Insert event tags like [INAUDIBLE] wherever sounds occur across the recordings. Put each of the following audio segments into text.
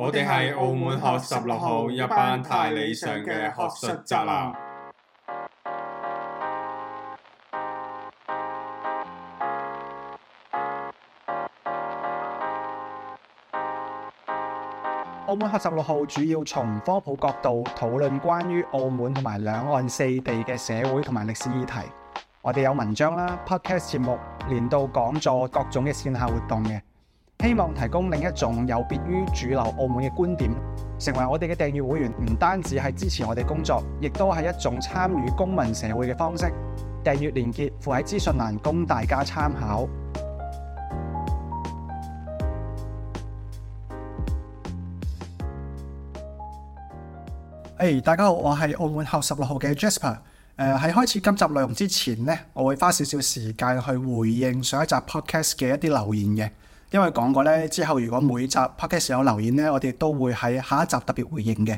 我哋係澳門學十六號一班太理想嘅學術宅男。澳門學十六號主要從科普角度討論關於澳門同埋兩岸四地嘅社會同埋歷史議題。我哋有文章啦、podcast 節目、年度講座、各種嘅線下活動嘅。希望提供另一種有別於主流澳門嘅觀點，成為我哋嘅訂閱會員，唔單止係支持我哋工作，亦都係一種參與公民社會嘅方式。訂閱連結附喺資訊欄，供大家參考。誒，hey, 大家好，我係澳門後十六號嘅 Jasper。誒、呃，喺開始今集內容之前呢我會花少少時間去回應上一集 Podcast 嘅一啲留言嘅。因為講過咧，之後如果每集 podcast 有留言咧，我哋都會喺下一集特別回應嘅。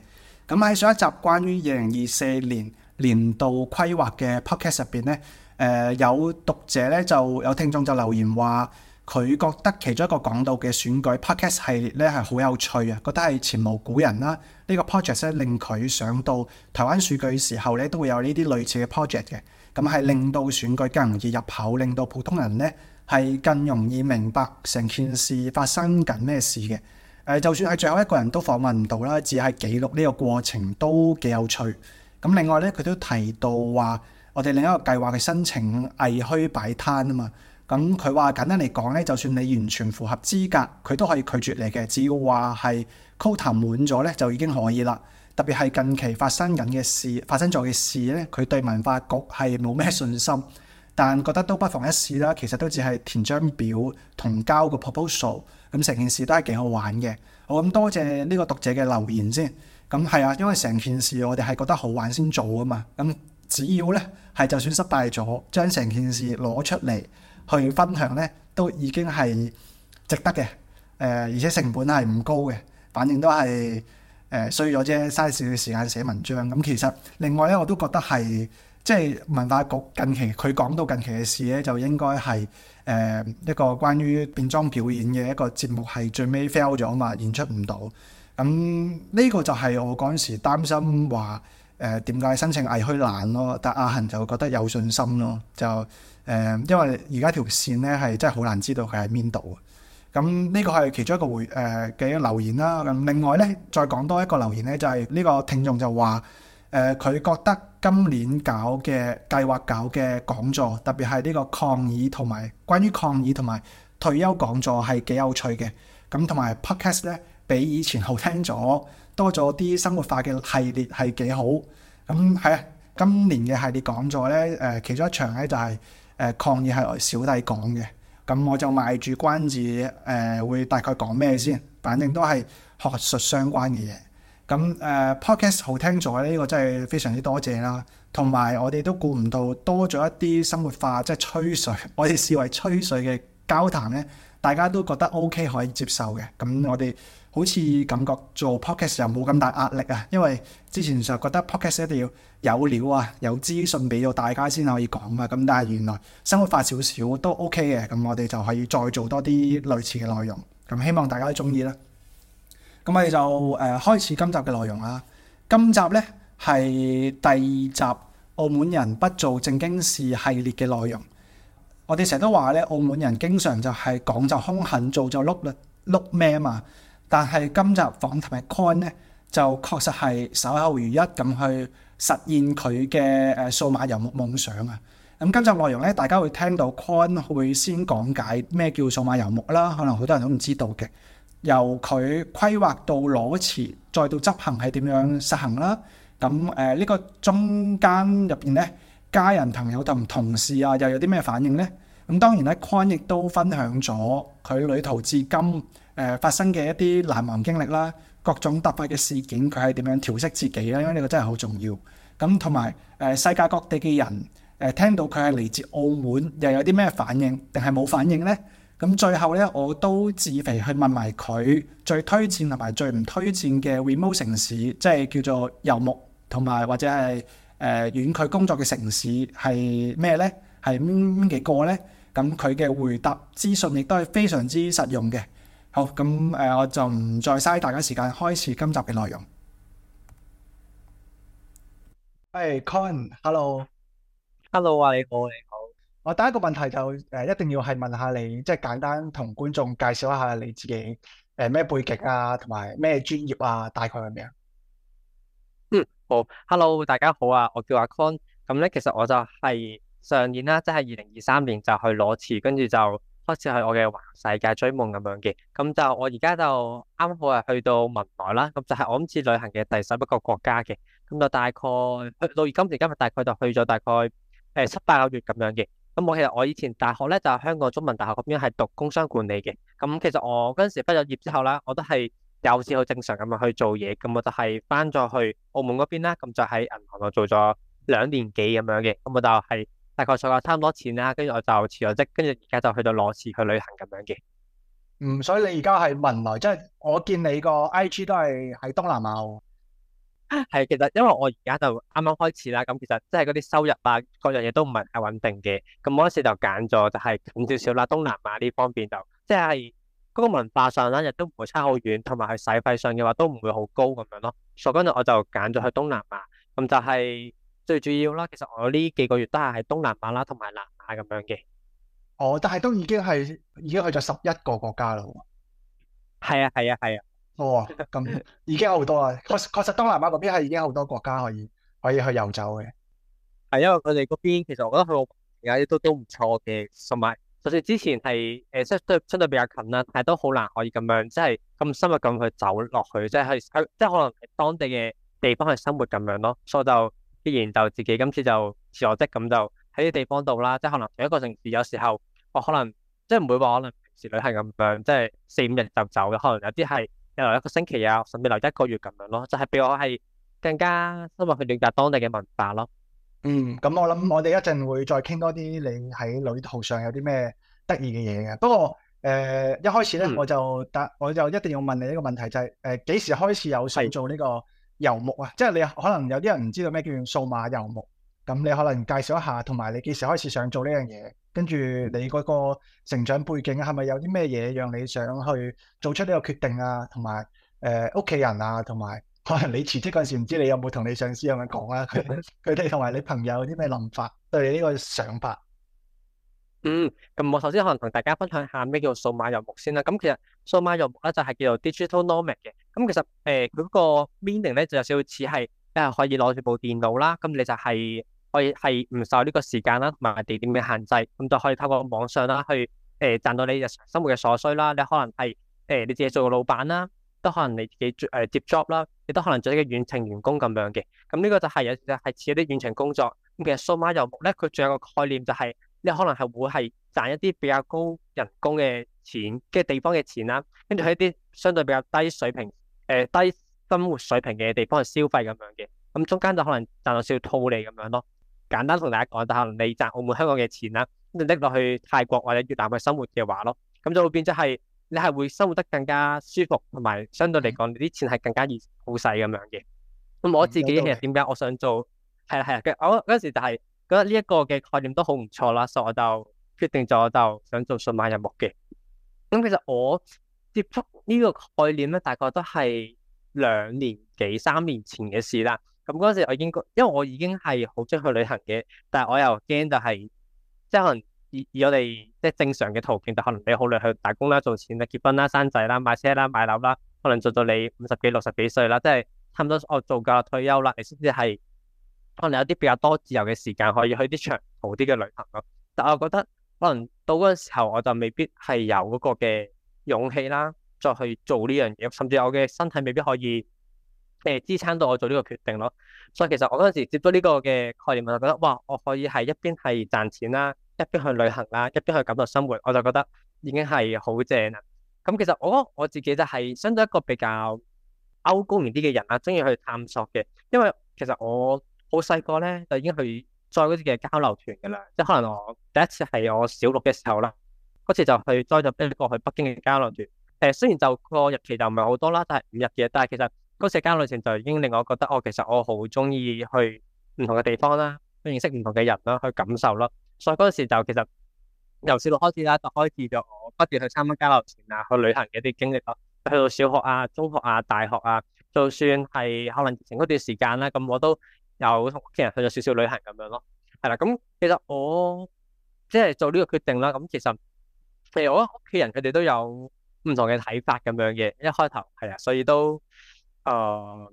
咁喺上一集關於二零二四年年度規劃嘅 podcast 入邊咧，誒、呃、有讀者咧就有聽眾就留言話，佢覺得其中一個講到嘅選舉 podcast 系列咧係好有趣啊，覺得係前無古人啦。這個、呢個 project 咧令佢想到台灣選舉時候咧都會有呢啲類似嘅 project 嘅，咁係令到選舉更容易入口，令到普通人咧。係更容易明白成件事發生緊咩事嘅。誒、呃，就算係最後一個人都訪問唔到啦，只係記錄呢個過程都幾有趣。咁、嗯、另外咧，佢都提到話，我哋另一個計劃嘅申請偽虛擺攤啊嘛。咁佢話簡單嚟講咧，就算你完全符合資格，佢都可以拒絕你嘅。只要話係 quota 滿咗咧，就已經可以啦。特別係近期發生緊嘅事、發生咗嘅事咧，佢對文化局係冇咩信心。但覺得都不妨一試啦，其實都只係填張表同交個 proposal，咁成件事都係幾好玩嘅。好，咁多謝呢個讀者嘅留言先。咁係啊，因為成件事我哋係覺得好玩先做啊嘛。咁只要咧係就算失敗咗，將成件事攞出嚟去分享咧，都已經係值得嘅。誒、呃，而且成本係唔高嘅，反正都係誒衰咗啫，嘥少少時間寫文章。咁其實另外咧，我都覺得係。即係文化局近期佢講到近期嘅事咧，就應該係誒一個關於變裝表演嘅一個節目係最尾 fail 咗啊嘛，演出唔到。咁、嗯、呢、這個就係我嗰陣時擔心話誒點解申請藝墟難咯。但阿恒就覺得有信心咯，就誒、呃、因為而家條線咧係真係好難知道佢喺邊度。咁、嗯、呢、這個係其中一個回誒嘅、呃、留言啦。咁、嗯、另外咧再講多一個留言咧，就係、是、呢個聽眾就話誒佢覺得。今年搞嘅計劃、搞嘅講座，特別係呢個抗議同埋關於抗議同埋退休講座係幾有趣嘅。咁同埋 podcast 咧，比以前好聽咗，多咗啲生活化嘅系列係幾好。咁係啊，今年嘅系列講座咧，誒、呃、其中一場咧就係、是、誒、呃、抗議係小弟講嘅。咁我就賣住關子，誒、呃、會大概講咩先，反正都係學術相關嘅嘢。咁誒 podcast 好聽咗，呢個真係非常之多謝啦。同埋我哋都顧唔到多咗一啲生活化，即係吹水，我哋視為吹水嘅交談咧，大家都覺得 OK 可以接受嘅。咁我哋好似感覺做 podcast 又冇咁大壓力啊，因為之前就覺得 podcast 一定要有料啊，有資訊俾到大家先可以講嘛。咁但係原來生活化少少都 OK 嘅，咁我哋就可以再做多啲類似嘅內容。咁希望大家都中意啦。咁我哋就誒、呃、開始今集嘅內容啦。今集咧係第二集《澳門人不做正經事》系列嘅內容。我哋成日都話咧，澳門人經常就係講就兇狠，做就碌碌咩嘛。但係今集訪談嘅 Coin 咧，就確實係首後如一咁去實現佢嘅誒數碼遊牧夢想啊。咁、嗯、今集內容咧，大家會聽到 Coin 會先講解咩叫數碼遊牧啦，可能好多人都唔知道嘅。由佢規劃到裸辭，再到執行係點樣實行啦？咁誒呢個中間入邊咧，家人朋友同同事啊，又有啲咩反應咧？咁、嗯、當然咧，Coin 亦都分享咗佢旅途至今誒、呃、發生嘅一啲難忘經歷啦，各種突發嘅事件，佢係點樣調適自己咧？因為呢個真係好重要。咁同埋誒世界各地嘅人誒、呃、聽到佢係嚟自澳門，又有啲咩反應，定係冇反應咧？咁最後咧，我都自肥去問埋佢最推薦同埋最唔推薦嘅 remote 城市，即係叫做遊牧同埋或者係誒、呃、遠距工作嘅城市係咩咧？係邊邊幾個咧？咁佢嘅回答資訊亦都係非常之實用嘅。好，咁誒我就唔再嘥大家時間，開始今集嘅內容。係 Coin，hello，hello 啊，你好你。我第一個問題就誒，一定要係問下你，即係簡單同觀眾介紹一下你自己誒，咩背景啊，同埋咩專業啊，大概係咩啊？嗯，好，Hello，大家好啊，我叫阿 Coin，咁咧其實我就係上年啦，即係二零二三年就去裸辭，跟住就開始去我嘅世界追夢咁樣嘅。咁就我而家就啱好係去到文萊啦，咁就係我今次旅行嘅第十一個國家嘅。咁就大概到而今時今日，大概就去咗大概誒七八個月咁樣嘅。咁我其實我以前大學咧就喺、是、香港中文大學嗰邊係讀工商管理嘅。咁其實我嗰陣時畢業之後咧，我都係有時好正常咁樣去做嘢。咁我就係翻咗去澳門嗰邊啦。咁就喺銀行度做咗兩年幾咁樣嘅。咁我就係大概數咗差唔多錢啦。跟住我就辭咗職，跟住而家就去到裸辭去旅行咁樣嘅。嗯，所以你而家係文萊，即、就、係、是、我見你個 I G 都係喺東南亞。係，其實因為我而家就啱啱開始啦，咁其實即係嗰啲收入啊，各樣嘢都唔係太穩定嘅。咁我嗰時就揀咗，就係咁少少啦。東南亞呢方面就即係嗰個文化上啦，亦都唔會差好遠，同埋係使費上嘅話都唔會好高咁樣咯。所以嗰度我就揀咗去東南亞，咁就係最主要啦。其實我呢幾個月都係喺東南亞啦，同埋南亞咁樣嘅。哦，但係都已經係已經去咗十一個國家啦。係啊，係啊，係啊。哦，咁、oh，嗯、已經有好多啦。確確實，實東南亞嗰邊係已經有好多國家可以可以去遊走嘅。係因為佢哋嗰邊其實我覺得佢個而家都都唔錯嘅，同埋就算之前係誒相相相對比較近啦，但係都好難可以咁樣即係咁深入咁去走落去，即係去即係可能當地嘅地方去生活咁樣咯。所以就必然就自己今次就自我的咁就喺啲地方度啦。即係可能同一個城市，有時候我可能即係唔會話可能平時旅行咁樣，即係四五日就走嘅，可能有啲係。留一個星期啊，甚至留一個月咁樣咯，就係、是、比我係更加深入去了解當地嘅文化咯。嗯，咁我諗我哋一陣會，會再傾多啲你喺旅途上有啲咩得意嘅嘢嘅。不過誒、呃，一開始咧我就但我就一定要問你一個問題，就係誒幾時開始有想做呢個游牧啊？是即係你可能有啲人唔知道咩叫數碼游牧，咁你可能介紹一下，同埋你幾時開始想做呢樣嘢？跟住你嗰個成長背景係咪有啲咩嘢讓你想去做出呢個決定啊？同埋誒屋企人啊，同埋可能你辭職嗰陣時，唔知你有冇同你上司有冇講啊？佢佢哋同埋你朋友有啲咩諗法對你呢個想法？嗯，咁我首先可能同大家分享下咩叫數碼入木先啦。咁其實數碼遊牧咧就係叫做 digital nomad 嘅。咁其實誒佢嗰個 meaning 咧就有少少似係誒你可以攞住部電腦啦。咁你就係。可以係唔受呢個時間啦，同埋地點嘅限制，咁就可以透過網上啦，去誒、呃、賺到你日常生活嘅所需啦。你可能係誒、呃、你自己做個老闆啦，都可能你自己誒、呃、接 job 啦，亦都可能做一個遠程員工咁樣嘅。咁、嗯、呢、這個就係有時係似一啲遠程工作。咁、嗯、其實數碼遊牧咧，佢仲有個概念就係、是、你可能係會係賺一啲比較高人工嘅錢，嘅地方嘅錢啦，跟住喺一啲相對比較低水平誒、呃、低生活水平嘅地方去消費咁樣嘅。咁、嗯嗯、中間就可能賺到少少套利咁樣咯。簡單同大家講，就可能你賺澳門、香港嘅錢啦，拎落去泰國或者越南去生活嘅話咯，咁就會變咗係你係會生活得更加舒服，同埋相對嚟講，你啲錢係更加易好使咁樣嘅。咁我自己其實點解我想做，係啦係啦，我嗰時就係覺得呢一個嘅概念都好唔錯啦，所以我就決定咗就想做數碼遊牧嘅。咁其實我接觸呢個概念咧，大概都係兩年幾三年前嘅事啦。咁嗰陣時我已經，我應該因為我已經係好鍾意去旅行嘅，但係我又驚就係，即可能以以我哋即係正常嘅途徑，就可能你好耐去打工啦、做錢啦、結婚啦、生仔啦、買車啦、買樓啦，可能做到你五十幾、六十幾歲啦，即係差唔多我做夠退休啦，你先至係可能有啲比較多自由嘅時間，可以去啲長途啲嘅旅行咯。但我覺得可能到嗰陣時候，我就未必係有嗰個嘅勇氣啦，再去做呢樣嘢，甚至我嘅身體未必可以。誒，支撐到我做呢個決定咯，所以其實我嗰陣時接咗呢個嘅概念，我就覺得哇，我可以係一邊係賺錢啦，一邊去旅行啦，一邊去感受生活，我就覺得已經係好正啦。咁其實我我自己就係相對一個比較歐高年啲嘅人啦，中意去探索嘅。因為其實我好細個咧就已經去再嗰啲嘅交流團噶啦，即係可能我第一次係我小六嘅時候啦，嗰次就去再咗第一個去北京嘅交流團。誒，雖然就個日期就唔係好多啦，但係唔入嘅，但係其實。嗰時交流團就已經令我覺得，我其實我好鍾意去唔同嘅地方啦，去認識唔同嘅人啦，去感受咯。所以嗰時就其實由小六開始啦，就開始咗我不斷去參加交流團啊，去旅行嘅一啲經歷咯。去到小學啊、中學啊、大學啊，就算係可能疫情嗰段時間啦，咁我都有同屋企人去咗少少旅行咁樣咯。係啦，咁其實我即係做呢個決定啦。咁其實譬如我屋企人佢哋都有唔同嘅睇法咁樣嘅，一開頭係啊，所以都。誒，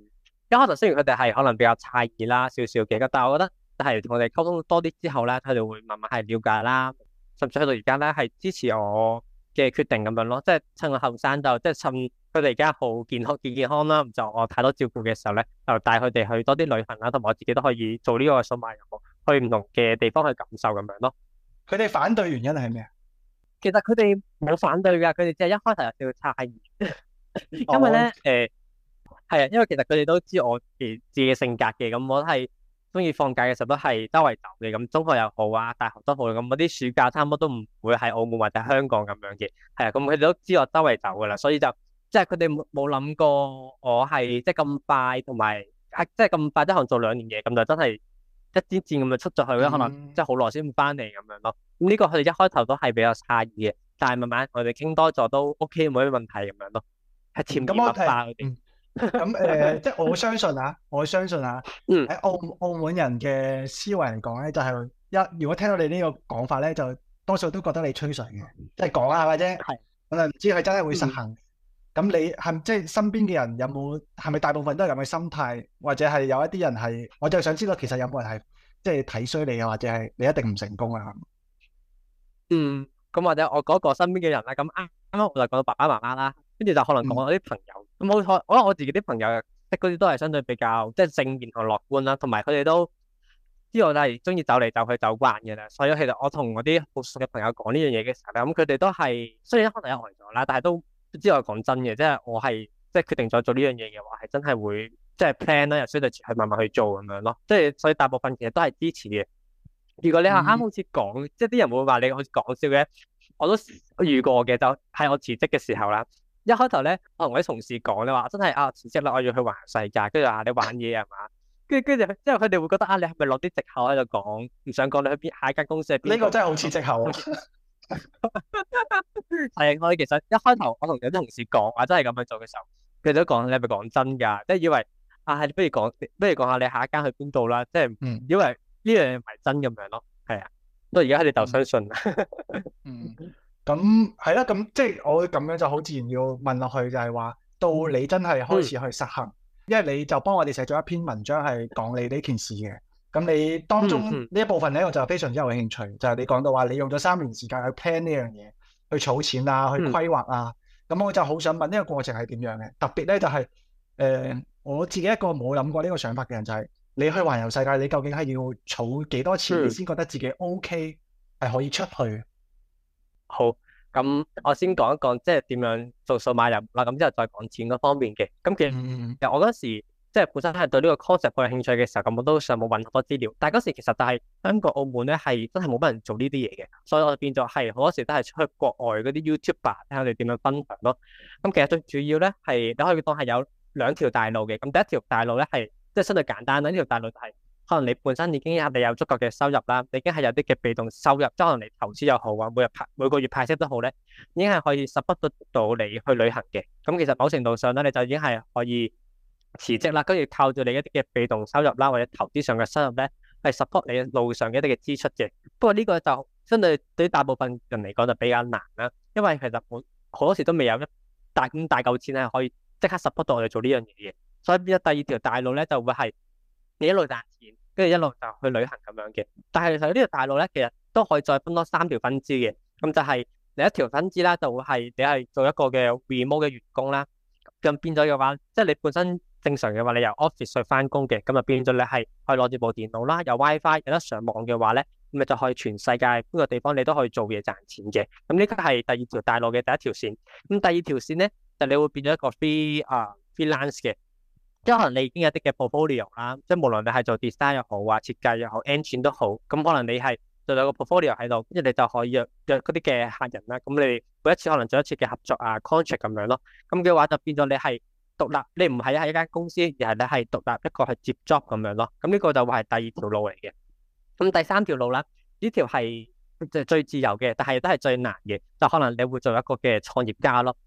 一開頭雖然佢哋係可能比較詫異啦，少少嘅，但係我覺得就係同佢哋溝通多啲之後咧，佢哋會慢慢係了解啦，甚至去到而家咧係支持我嘅決定咁樣咯。即係趁我後生，就即係趁佢哋而家好健康、健健康啦，唔作我太多照顧嘅時候咧，就帶佢哋去多啲旅行啦，同埋我自己都可以做呢個數碼遊牧，去唔同嘅地方去感受咁樣咯。佢哋反對原因係咩啊？其實佢哋冇反對噶，佢哋只係一開頭就會詫異， [LAUGHS] 因為咧呢誒。 [LAUGHS] 係啊，因為其實佢哋都知我自自己性格嘅，咁我係中意放假嘅時候都係周圍走嘅，咁中學又好啊，大學都好，咁我啲暑假差唔多都唔會喺澳門或者香港咁樣嘅，係啊，咁佢哋都知我周圍走噶啦，所以就即係佢哋冇冇諗過我係即係咁快，同埋即係咁快一行做兩年嘢，咁就真係一支箭咁就出咗去，可能即係好耐先翻嚟咁樣咯。咁呢、嗯、個佢哋一開頭都係比較詫異嘅，但係慢慢我哋傾多咗都 OK，冇咩問題咁樣咯，係潛移默咁誒，即係我相信啊，我相信啊，喺澳澳門人嘅思維嚟講咧，就係一。如果聽到你呢個講法咧，就多數都覺得你吹水嘅，即係講下或者。係我就唔知佢真係會實行。咁你係即係身邊嘅人有冇係咪大部分都係咁嘅心態，或者係有一啲人係？我就想知道，其實有冇人係即係睇衰你啊，或者係你一定唔成功啊？嗯。咁或者我講過身邊嘅人啦，咁啱啱我就講到爸爸媽媽啦，跟住就可能同我啲朋友。咁好彩，可能、嗯、我，我自己啲朋友即嗰啲都係相對比較即正面同樂觀啦，同埋佢哋都知我都係咧，中意走嚟走去走慣嘅啦。所以其實我同我啲好熟嘅朋友講呢樣嘢嘅時候咧，咁佢哋都係雖然可能有害咗啦，但係都知我講真嘅，即、就、係、是、我係即、就是、決定再做呢樣嘢嘅話，係真係會即 plan 啦，又、就是、需要去慢慢去做咁樣咯。即係所以大部分其實都係支持嘅。如果你係啱好似講，嗯、即啲人會話你好似講笑嘅，我都遇過嘅，就係、是、我辭職嘅時候啦。一開頭咧，我同我啲同事講咧話，真係啊辭職啦，我要去環世界，跟住話你玩嘢係嘛？跟住跟住，之後佢哋會覺得啊，你係咪落啲藉口喺度講？唔想講你去邊下一間公司？呢個真係好似藉口啊！係我哋其實一開頭，我同有啲同事講話真係咁樣做嘅時候，佢哋都講你係咪講真㗎？即係以為啊，係不如講不如講下你下一間去邊度啦？即係以為呢樣嘢唔係真咁樣咯，係啊，所以而家佢哋就相信啦。嗯。咁係啦，咁即係我咁樣就好自然要問落去，就係、是、話到你真係開始去實行，嗯、因為你就幫我哋寫咗一篇文章係講你呢件事嘅。咁你當中呢、嗯嗯、一部分咧，我就非常之有興趣，就係、是、你講到話你用咗三年時間去 plan 呢樣嘢，去儲錢啊，去規劃啊。咁、嗯、我就好想問呢個過程係點樣嘅？特別咧就係、是、誒、呃，我自己一個冇諗過呢個想法嘅人、就是，就係你去環遊世界，你究竟係要儲幾多錢你先覺得自己 OK 係可以出去？好，咁我先講一講即係點樣做數碼入啦，咁之後再講錢嗰方面嘅。咁其實、mm hmm. 我嗰時即係本身係對呢個 concept 好有興趣嘅時候，咁我都上網搵好多資料。但係嗰時其實但係香港澳門咧係真係冇乜人做呢啲嘢嘅，所以我就變咗係好多時都係出去國外嗰啲 YouTube 睇下佢點樣分享咯。咁其實最主要咧係你可以當係有兩條大路嘅。咁第一條大路咧係即係相對簡單啦，呢條大路係。可能你本身已經你有足夠嘅收入啦，已經係有啲嘅被動收入，即係可能你投資又好啊，每日派每個月派息都好咧，已經係可以 support 到你去旅行嘅。咁其實某程度上咧，你就已經係可以辭職啦，跟住靠住你一啲嘅被動收入啦，或者投資上嘅收入咧，係 support 你路上一啲嘅支出嘅。不過呢個就相對對大部分人嚟講就比較難啦，因為其實我好多時都未有一大咁大嚿錢係可以即刻 support 到我哋做呢樣嘢嘅。所以第二條大路咧就會係你一路賺錢。跟住一路就去旅行咁樣嘅，但係其實呢條大路咧，其實都可以再分多三條分支嘅，咁就係你一條分支啦，就係你係做一個嘅 remote 嘅員工啦，咁變咗嘅話，即係你本身正常嘅話，你由 office 去翻工嘅，咁啊變咗你係可以攞住部電腦啦，有 WiFi 有得上網嘅話咧，咁咪就可以全世界邊個地方你都可以做嘢賺錢嘅，咁呢個係第二條大路嘅第一條線，咁第二條線咧就你會變咗一個非 free，啊、uh, freelance 嘅。即係可能你已經有啲嘅 portfolio 啦，即係無論你係做 design 又好啊，設計又好，engine 都好，咁可能你係做到個 portfolio 喺度，跟住你就可以約約嗰啲嘅客人啦。咁你每一次可能做一次嘅合作啊 contract 咁樣咯，咁嘅話就變咗你係獨立，你唔係喺一間公司，而係你係獨立一個去接 job 咁樣咯。咁呢個就會係第二條路嚟嘅。咁第三條路啦，呢條係就最自由嘅，但係都係最難嘅。就可能你會做一個嘅創業家咯，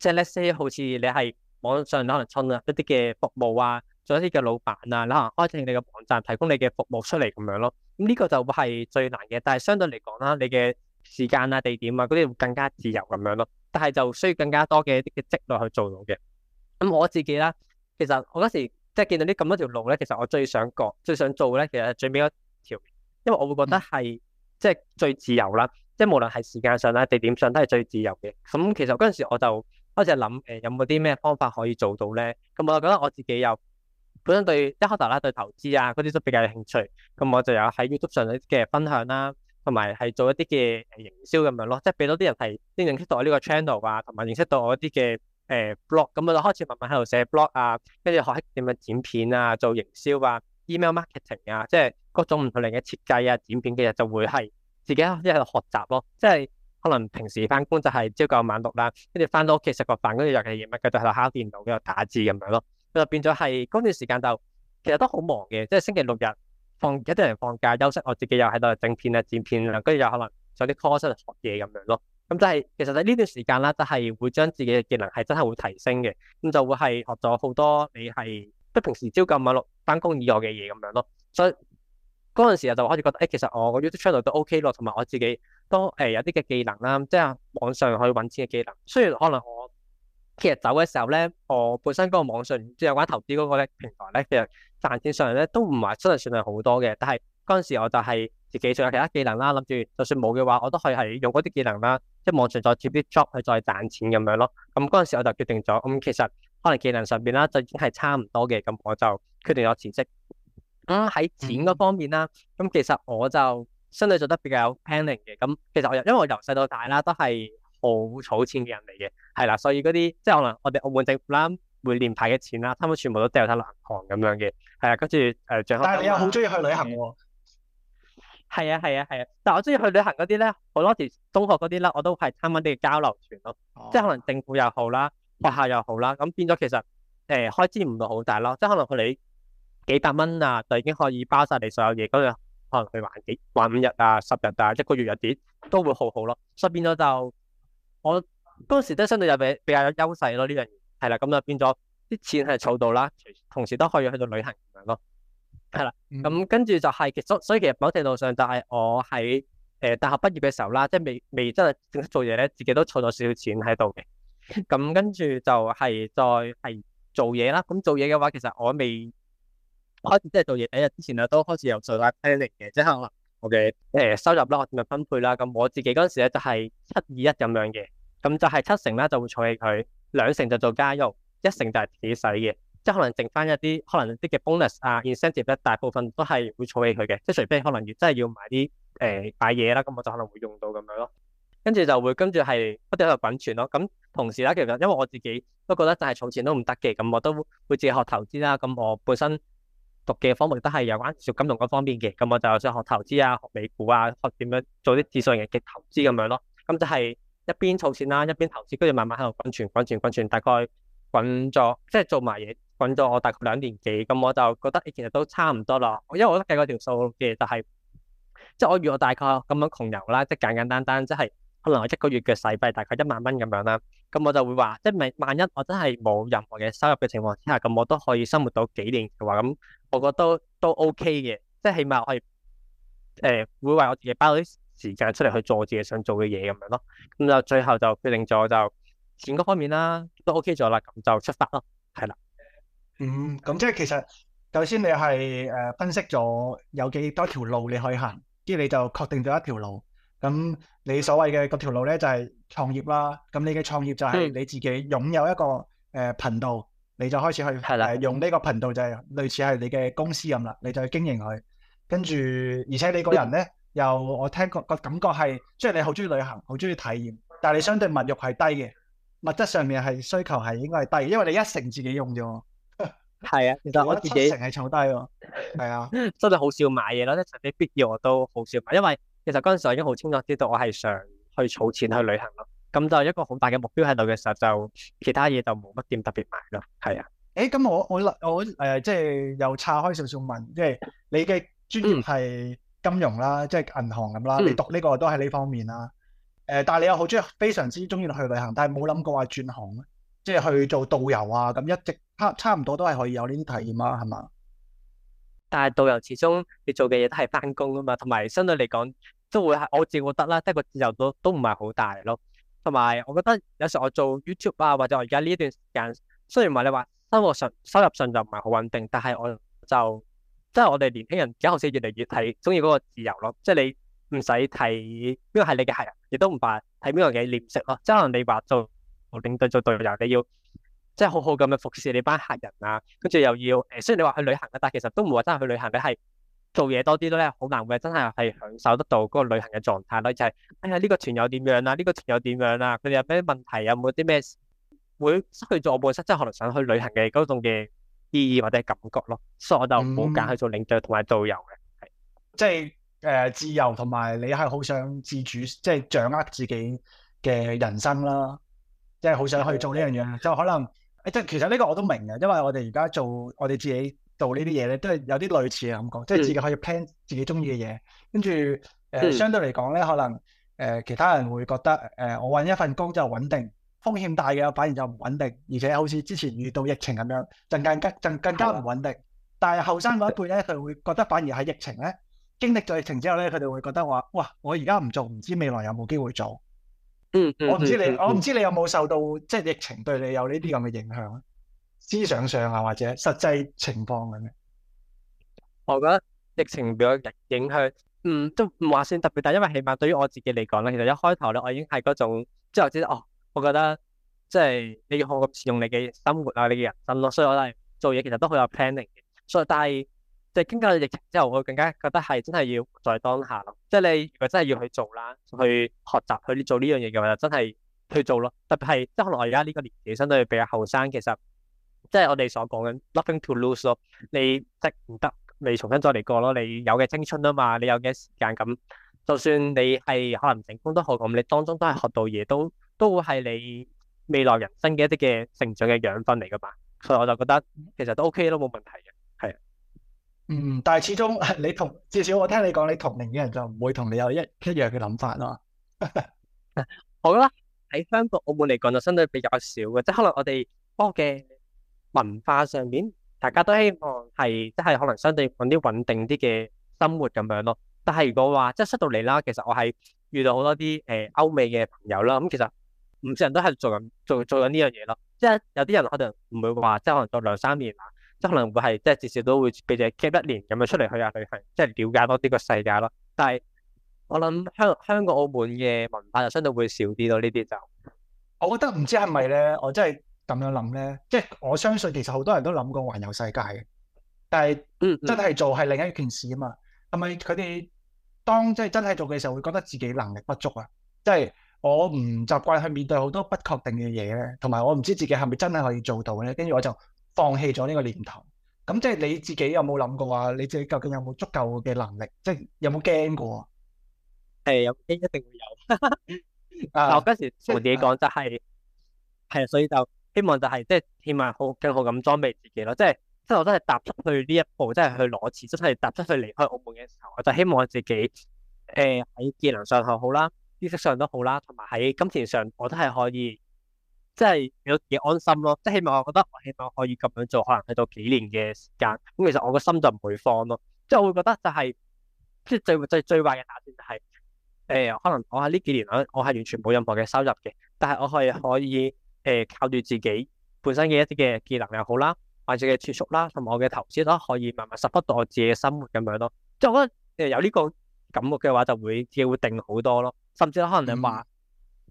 即係 let’s say 好似你係。網上可能趁啊一啲嘅服務啊，做一啲嘅老闆啊，可能開設你嘅網站，提供你嘅服務出嚟咁樣咯。咁、嗯、呢、這個就會係最難嘅，但係相對嚟講啦，你嘅時間啊、地點啊嗰啲會更加自由咁樣咯。但係就需要更加多嘅一啲嘅積累去做到嘅。咁、嗯、我自己啦，其實我嗰時即係見到呢咁多條路咧，其實我最想過、最想做咧，其實係最尾一條，因為我會覺得係、嗯、即係最自由啦，即係無論係時間上啦、地點上都係最自由嘅。咁其實嗰陣時我就。開始係諗有冇啲咩方法可以做到咧？咁我就覺得我自己又本身對一開頭啦，對投資啊嗰啲都比較有興趣。咁我就有喺 YouTube 上嘅分享啦、啊，同埋係做一啲嘅營銷咁樣咯，即係俾多啲人睇，係認識到我呢個 channel 啊，同埋認識到我一啲嘅誒 blog。咁我就開始慢慢喺度寫 blog 啊，跟住學點樣剪片啊，做營銷啊，email marketing 啊，即係各種唔同嘅設計啊，剪片其實就會係自己一係度學習咯，即係。可能平時翻工就係朝九晚六啦，跟住翻到屋企食個飯，跟住就係夜晚佢就喺度敲電腦，喺度打字咁樣咯。咁就變咗係嗰段時間就其實都好忙嘅，即係星期六日放有啲人放假休息，我自己又喺度整片啊，剪片啦，跟住又可能上啲 course 學嘢咁樣咯。咁就係、是、其實喺呢段時間啦，就係會將自己嘅技能係真係會提升嘅，咁就會係學咗好多你係即平時朝九晚六翻工以外嘅嘢咁樣咯。所以嗰陣時就開始覺得，誒、哎、其實我個 YouTube channel 都 OK 咯，同埋我自己。多誒，都有啲嘅技能啦，即係網上去搵錢嘅技能。雖然可能我其實走嘅時候咧，我本身嗰個網上即係玩投資嗰個咧平台，咧，其實賺錢上嚟咧都唔係真係算係好多嘅。但係嗰陣時我就係自己仲有其他技能啦，諗住就算冇嘅話，我都可以係用嗰啲技能啦，即係網上再接啲 job 去再賺錢咁樣咯。咁嗰陣時我就決定咗，咁、嗯、其實可能技能上邊啦就已經係差唔多嘅，咁、嗯、我就決定咗辭職。咁、嗯、喺錢嗰方面啦，咁、嗯、其實我就。相對做得比較有 planning 嘅，咁、嗯、其實我因為我由細到大啦，都係好儲錢嘅人嚟嘅，係啦，所以嗰啲即係可能我哋澳門政府啦、每年派嘅錢啦，差唔多全部都掉喺銀行咁樣嘅，係啊，跟住誒帳。呃、但係你又好中意去旅行喎，啊？係啊係啊係啊！但我中意去旅行嗰啲咧，好多時中學嗰啲啦，我都係參加啲交流團咯，哦、即係可能政府又好啦，學校又好啦，咁、嗯嗯、變咗其實誒、呃、開支唔到好大咯，即係可能佢哋幾百蚊啊，就已經可以包晒你所有嘢可能去玩幾玩五日啊、十日啊、一個月一啲，都會好好咯。所以變咗就我嗰陣時都相對又比比較有優勢咯。呢樣嘢係啦，咁就變咗啲錢係儲到啦，同時都可以去到旅行咁樣咯。係啦，咁跟住就係、其實，所所以其實某程度上就係我喺誒大學畢業嘅時候啦，即係未未真係正式做嘢咧，自己都儲咗少少錢喺度嘅。咁跟住就係再係做嘢啦。咁做嘢嘅話，其實我未開始即係做嘢第一日之前啊，都開始有做 planning 嘅，即係可能我嘅 Okay，誒收入啦，我點樣分配啦？咁我自己嗰陣時咧就係七二一咁樣嘅，咁就係七成咧就會儲起佢，兩成就做家用，一成就係自己使嘅，即係可能剩翻一啲，可能一啲嘅 bonus 啊、incentive 咧，大部分都係會儲起佢嘅，即係除非可能真係要買啲誒買嘢啦，咁我就可能會用到咁樣咯。跟住就會跟住係不斷喺度滾存咯。咁同時啦，其實因為我自己都覺得就係儲錢都唔得嘅，咁我都會自己學投資啦。咁我本身。讀嘅方面都係有關少金融嗰方面嘅，咁我就想學投資啊，學美股啊，學點樣做啲指數型嘅投資咁樣咯。咁就係一邊儲錢啦，一邊投資，跟住慢慢喺度滾存、滾存、滾存，大概滾咗即係做埋嘢，滾咗我大概兩年幾。咁我就覺得其實都差唔多啦。因為我計過條數嘅，就係即係我預我大概咁樣窮遊啦，即係簡簡單單，即係可能我一個月嘅使費大概一萬蚊咁樣啦。咁我就會話，即係萬一我真係冇任何嘅收入嘅情況之下，咁我都可以生活到幾年嘅話咁。我覺得都都 OK 嘅，即係起碼可以誒，會為我自己包啲時間出嚟去做自己想做嘅嘢咁樣咯。咁就最後就決定咗就錢嗰方面啦，都 OK 咗啦，咁就出發咯，係啦。嗯，咁即係其實首先你係誒分析咗有幾多條路你可以行，跟住你就確定咗一條路。咁你所謂嘅嗰條路咧就係創業啦。咁你嘅創業就係你自己擁有一個誒頻道。你就開始去用呢個頻道，就係的類似係你嘅公司咁啦。你就去經營佢，跟住而且你個人咧，又我聽個個感覺係，即係你好中意旅行，好中意體驗，但係你相對物欲係低嘅，物質上面係需求係應該係低，因為你一成自己用啫喎。係啊，其實我自己我七成係儲低喎。係啊，所以 [LAUGHS] 好少買嘢咯，即係除非必要，我都好少買。因為其實嗰陣時我已經好清楚知道，我係想去儲錢去旅行咯。咁就一個好大嘅目標喺度嘅時候，就其他嘢就冇乜點特別買咯。係啊，誒咁、欸、我我我誒、呃、即係又岔開少少問，即係你嘅專業係金融啦，嗯、即係銀行咁啦。你讀呢個都係呢方面啦。誒、嗯呃，但係你又好中意非常之中意去旅行，但係冇諗過話轉行啊，即係去做導遊啊。咁一直差差唔多都係可以有呢啲體驗啦，係嘛？但係導遊始終你做嘅嘢都係翻工啊嘛，同埋相對嚟講都會係我自覺得啦，得個自由度都唔係好大咯。同埋，我覺得有時候我做 YouTube 啊，或者我而家呢一段時間，雖然話你話生活上收入上就唔係好穩定，但係我就即係我哋年輕人而家好似越嚟越睇鍾意嗰個自由咯，即係你唔使睇邊個係你嘅客人，亦都唔怕睇邊個嘅臉色咯。即係可能你話做我領隊做隊友，你要即係好好咁樣服侍你班客人啊，跟住又要誒。雖然你話去旅行啊，但其實都唔會話真係去旅行嘅係。做嘢多啲都咧，好難會，真係係享受得到嗰個旅行嘅狀態咯。就係，哎呀，呢個團友點樣啦，呢個團友點樣啦，佢哋有咩問題啊？有冇啲咩會失去咗我本身，即係可能想去旅行嘅嗰種嘅意義或者感覺咯。所以我就冇揀去做領隊同埋導遊嘅，係即係誒自由同埋你係好想自主，即係掌握自己嘅人生啦，即係好想去做呢樣嘢。就可能即係其實呢個我都明嘅，因為我哋而家做我哋自己。做呢啲嘢咧，都係有啲類似嘅感覺，即係自己可以 plan 自己中意嘅嘢，跟住誒相對嚟講咧，可能誒其他人會覺得誒我揾一份工就穩定，風險大嘅，反而就唔穩定，而且好似之前遇到疫情咁樣，更加更更加唔穩定。嗯、但係後生嗰一輩咧，佢會覺得反而喺疫情咧經歷咗疫情之後咧，佢哋會覺得話：哇，我而家唔做，唔知未來有冇機會做。嗯。我唔知你，我唔知你有冇受到即係疫情對你有呢啲咁嘅影響啊？思想上啊，或者實際情況咁樣、啊，我覺得疫情俾我影響，嗯，都唔話算特別大，但因為起碼對於我自己嚟講咧，其實一開頭呢，我已經係嗰種之後知道哦，我覺得即係你要好咁使用你嘅生活啊，你嘅人生咯、啊，所以我覺得做嘢其實都好有 planning 嘅。所以但係即係經過疫情之後，我更加覺得係真係要在當下咯、啊，即係你如果真係要去做啦、啊，去學習去做呢樣嘢嘅話，就真係去做咯、啊。特別係即係可能我而家呢個年紀相對比較後生，其實。即係我哋所講嘅，Nothing to lose 咯。你即係唔得，你重新再嚟過咯。你有嘅青春啊嘛，你有嘅時間咁，就算你係可能成功都好咁，你當中都係學到嘢，都都會係你未來人生嘅一啲嘅成長嘅養分嚟㗎嘛。所以我就覺得其實都 OK 咯，都冇問題嘅。係。嗯，但係始終你同至少我聽你講，你同齡嘅人就唔會同你有一一樣嘅諗法咯。好啦，喺香港澳門嚟講就相對比較少嘅，即係可能我哋多嘅。文化上面，大家都希望係即係可能相對揾啲穩定啲嘅生活咁樣咯。但係如果話即係出到嚟啦，其實我係遇到好多啲誒、呃、歐美嘅朋友啦。咁其實唔少人都係做緊做做緊呢樣嘢咯。即係有啲人可能唔會話，即係可能做兩三年啊，即係可能會係即係至少都會畀隻 keep 一年咁樣出嚟去下旅行，即係了解多啲個世界咯。但係我諗香港香港澳門嘅文化就相對會少啲咯。呢啲就我覺得唔知係咪咧，我真係。咁樣諗咧，即係我相信其實好多人都諗過環遊世界嘅，但係真係做係另一件事啊嘛。係咪佢哋當即係真係做嘅時候，會覺得自己能力不足啊？即係我唔習慣去面對好多不確定嘅嘢咧，同埋我唔知自己係咪真係可以做到咧。跟住我就放棄咗呢個念頭。咁即係你自己有冇諗過啊？你自己究竟有冇足夠嘅能力？即係有冇驚過啊？係有驚，一定會有。嗱，我嗰時自己講就係，係、嗯、啊，所以就。希望就係即係，希望好更好咁裝備自己咯，即係，即係我真係踏出去呢一步，即係去裸辭，真係踏出去離開澳門嘅時候，我就希望我自己誒喺、呃、技能上好啦，意識上都好啦，同埋喺金錢上我都係可以，即係有幾安心咯，即係希望我覺得我希望可以咁樣做，可能喺度幾年嘅時間，咁其實我個心就唔會放咯，即係我會覺得就係即係最最最壞嘅打算就係、是、誒、呃，可能我喺呢幾年我我係完全冇任何嘅收入嘅，但係我係可以。可以誒，靠住自己本身嘅一啲嘅技能又好啦，或者嘅儲蓄啦，同埋我嘅投資啦，可以慢慢 support 到我自己嘅生活咁樣咯。即係我覺得誒有呢個感覺嘅話，就會自己會定好多咯。甚至可能你話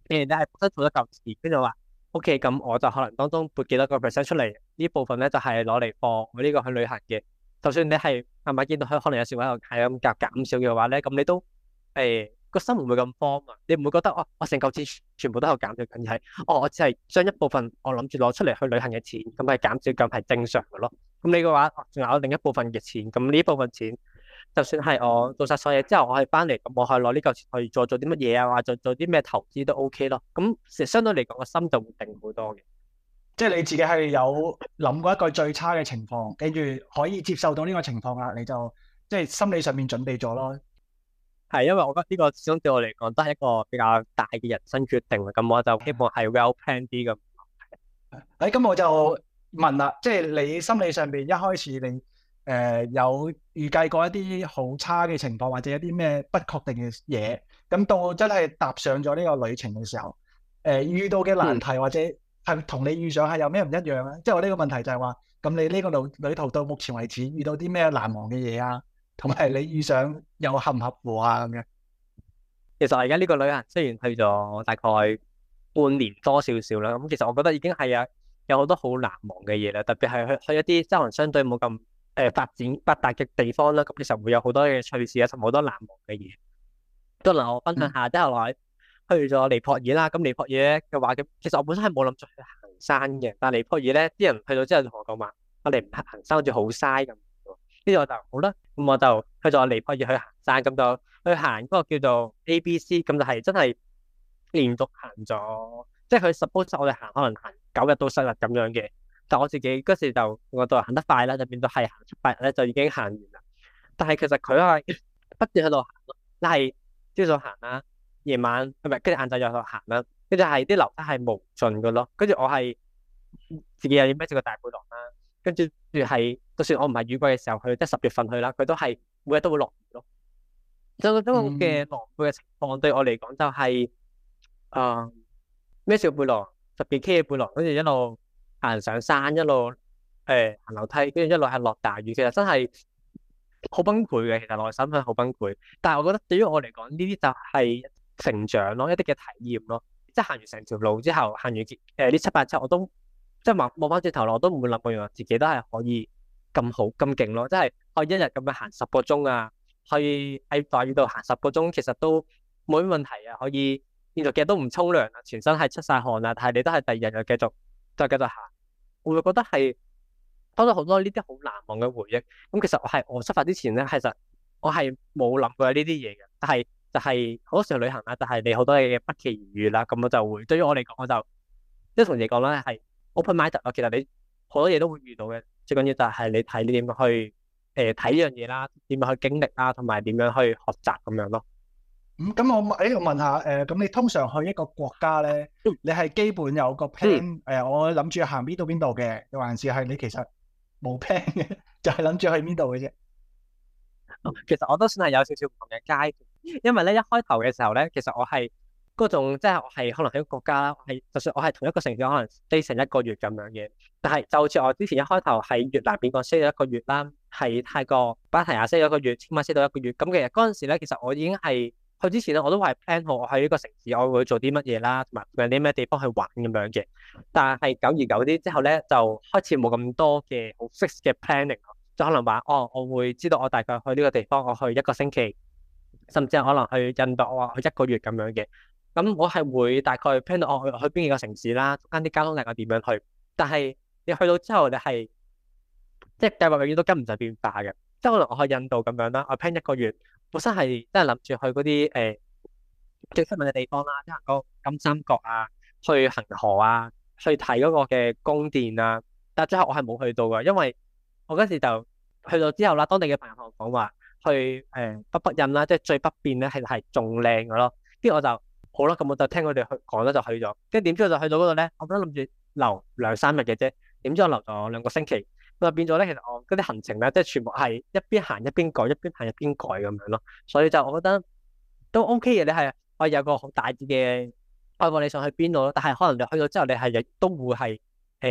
誒，你係本身做咗舊事，跟住話，OK，咁我就可能當中撥幾多個 percent 出嚟呢部分咧，就係攞嚟放我呢個去旅行嘅。就算你係慢慢見到佢可能有時係咁夾減少嘅話咧，咁你都誒。個心唔會咁慌啊！你唔會覺得哦，我成嚿錢全部都有減少緊，而係哦，我只係將一部分我諗住攞出嚟去旅行嘅錢，咁係減少緊，咁係正常嘅咯。咁你嘅話，仲有另一部分嘅錢，咁呢一部分錢，就算係我做晒所有嘢之後我，我係翻嚟，咁我係攞呢嚿錢去再做啲乜嘢啊，或做做啲咩投資都 OK 咯。咁其實相對嚟講，個心就會定好多嘅。即係你自己係有諗過一個最差嘅情況，跟住可以接受到呢個情況啦，你就即係心理上面準備咗咯。係，因為我覺得呢個始終對我嚟講都係一個比較大嘅人生決定啦。咁我就希望係 well plan 啲咁。誒，咁我就問啦，即係你心理上邊一開始你誒有預計過一啲好差嘅情況，或者一啲咩不確定嘅嘢？咁到真係踏上咗呢個旅程嘅時候，誒遇到嘅難題或者係同你遇上預想係有咩唔一樣咧？即係我呢個問題就係話，咁你呢個路旅途到目前為止遇到啲咩難忘嘅嘢啊？同埋你遇上有合唔合乎啊？咁樣，其實我而家呢個旅行雖然去咗大概半年多少少啦，咁其實我覺得已經係啊有好多好難忘嘅嘢啦。特別係去去一啲周圍相對冇咁誒發展發達嘅地方啦，咁其實會有好多嘅趣事啊，同好多難忘嘅嘢。都留我分享下，即係我去咗尼泊爾啦。咁尼泊爾嘅話，其實我本身係冇諗住去行山嘅，但係尼泊爾咧，啲人去咗之後同我講話，我哋唔行行山好似好嘥咁。跟住我就好啦，咁我就去咗尼泊爾去行山，咁就去行嗰個叫做 A、B、C，咁就係真係連續行咗，即係佢 suppose 我哋行可能行九日到十日咁樣嘅，但係我自己嗰時就我當行得快啦，就變到係行出八日咧就已經行完啦。但係其實佢係不斷喺度行，但係朝早行啦，夜晚係咪跟住晏晝又喺度行啦，跟住係啲樓梯係無盡嘅咯。跟住我係自己又孭住個大揹囊啦，跟住仲係。就算我唔係雨季嘅時候去，即係十月份去啦，佢都係每日都會落雨咯。就嗰種嘅狼狽嘅情況對我嚟講、就係，就係誒孭小背囊，特別孭嘅背囊，跟住一路行上山，一路誒、欸、行樓梯，跟住一路係落大雨，其實真係好崩潰嘅。其實內心係好崩潰，但係我覺得對於我嚟講，呢啲就係成長咯，一啲嘅體驗咯。即係行完成條路之後，行完誒啲七八七，我都即係望望翻轉頭，我都唔會諗過原來自己都係可以咁好咁勁咯！即係可以一日咁樣行十個鐘啊，可以喺大雨度行十個鐘，其實都冇咩問題啊！可以連續幾日都唔沖涼啦，全身係出晒汗啦，但係你都係第二日又繼續再繼續行，會覺得係多咗好多呢啲好難忘嘅回憶。咁其實我係我出發之前咧，其實我係冇諗過呢啲嘢嘅，但係就係好多時候旅行啦，但係你好多嘢不期而遇啦，咁我就會對於我嚟講，我就即係同你講咧，係 open mind 啊！其實你好多嘢都會遇到嘅。最緊要就係你睇你點樣去誒睇樣嘢啦，點樣去經歷啦，同埋點樣去學習咁樣咯。咁咁我誒我問下誒，咁你通常去一個國家咧，你係基本有個 plan 誒，我諗住行邊度邊度嘅，還是係你其實冇 plan 嘅，就係諗住去邊度嘅啫？其實我都算係有少少唔同嘅階段，因為咧一開頭嘅時候咧，其實我係。嗰種即係我係可能喺個國家啦，係就算我係同一個城市，可能 stay 成一個月咁樣嘅。但係就好似我之前一開頭喺越南邊個 set 咗一個月啦，係泰國巴提亞 set 咗一個月，清邁 set 到一個月咁嘅。嗰陣時咧，其實我已經係去之前咧我都話 plan 好我喺呢個城市我會做啲乜嘢啦，同埋去啲咩地方去玩咁樣嘅。但係久而久之之後咧，就開始冇咁多嘅好 fix 嘅 planning，就可能話哦，我會知道我大概去呢個地方我去一個星期，甚至係可能去印度我話去一個月咁樣嘅。咁、嗯、我係會大概 plan 到我去去邊幾個城市啦，中間啲交通大概點樣去？但係你去到之後你，你係即係計劃永遠都跟唔上變化嘅，即係可能我去印度咁樣啦，我 plan 一個月本身係即係諗住去嗰啲誒最出名嘅地方啦，即係嗰金三角啊，去恒河啊，去睇嗰個嘅宮殿啊，但係最後我係冇去到嘅，因為我嗰時就去到之後啦，當地嘅朋友講話去誒、呃、北北印啦，即係最北邊咧其實係仲靚嘅咯，跟住我就。好啦，咁我就聽佢哋去講啦，就去咗。跟住點知後就去到嗰度咧，我都諗住留兩三日嘅啫。點知我留咗兩個星期，咁啊變咗咧，其實我嗰啲行程咧，即係全部係一邊行一邊改，一邊行一邊改咁樣咯。所以就我覺得都 OK 嘅。你係可以有個好大致嘅，包括你想去邊度咯，但係可能你去咗之後，你係亦都會係誒、呃，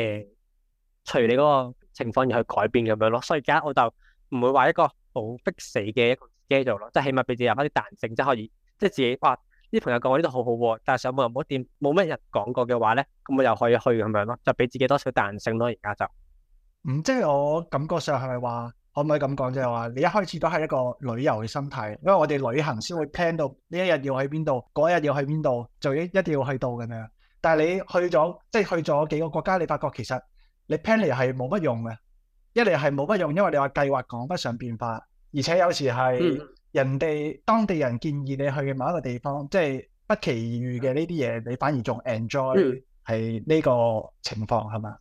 隨你嗰個情況而去改變咁樣咯。所以而家我就唔會話一個好逼死嘅一個自己做咯，即係起碼俾自己有翻啲彈性，即係可以即係自己話。啲朋友講我呢度好好、啊、喎，但係上網又冇掂，冇乜人講過嘅話咧，咁我又可以去咁樣咯，就俾自己多少彈性咯。而家就，唔，即係我感覺上係咪話，可唔可以咁講啫？話、就是、你一開始都係一個旅遊嘅心態，因為我哋旅行先會 plan 到呢一日要去邊度，嗰一日要去邊度，就一一定要去到咁樣。但係你去咗，即、就、係、是、去咗幾個國家，你發覺其實你 plan 嚟係冇乜用嘅，一嚟係冇乜用，因為你話計劃趕不上變化，而且有時係、嗯。人哋當地人建議你去嘅某一個地方，即係不期而遇嘅呢啲嘢，你反而仲 enjoy 係呢個情況係嘛？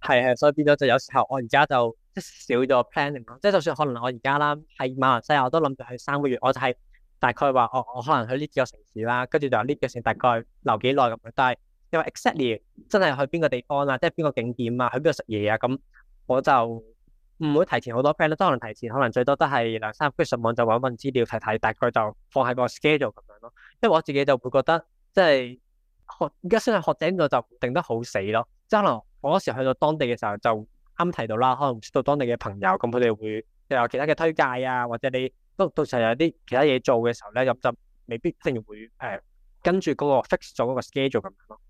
係啊、嗯吧，所以變咗就有時候我而家就即少咗 planning 咯。即係就算可能我而家啦，喺馬來西亞我都諗住去三個月，我就係大概話我我可能去呢幾個城市啦，跟住就呢幾個城市大概留幾耐咁。但係因為 exactly 真係去邊個地方啊，即係邊個景點啊，去邊度食嘢啊咁，我就～唔會提前好多 plan 咯，都可能提前，可能最多都係兩三個月上網，就搵份資料睇睇，大概就放喺個 schedule 咁樣咯。因為我自己就會覺得，即係學而家先係學整咗，就定得好死咯。即係可能我嗰時去到當地嘅時候，就啱提到啦，可能唔知道當地嘅朋友，咁佢哋會又有其他嘅推介啊，或者你都到時候有啲其他嘢做嘅時候咧，就就未必一定會誒、欸、跟住嗰、那個 fix 咗嗰個 schedule 咁樣咯。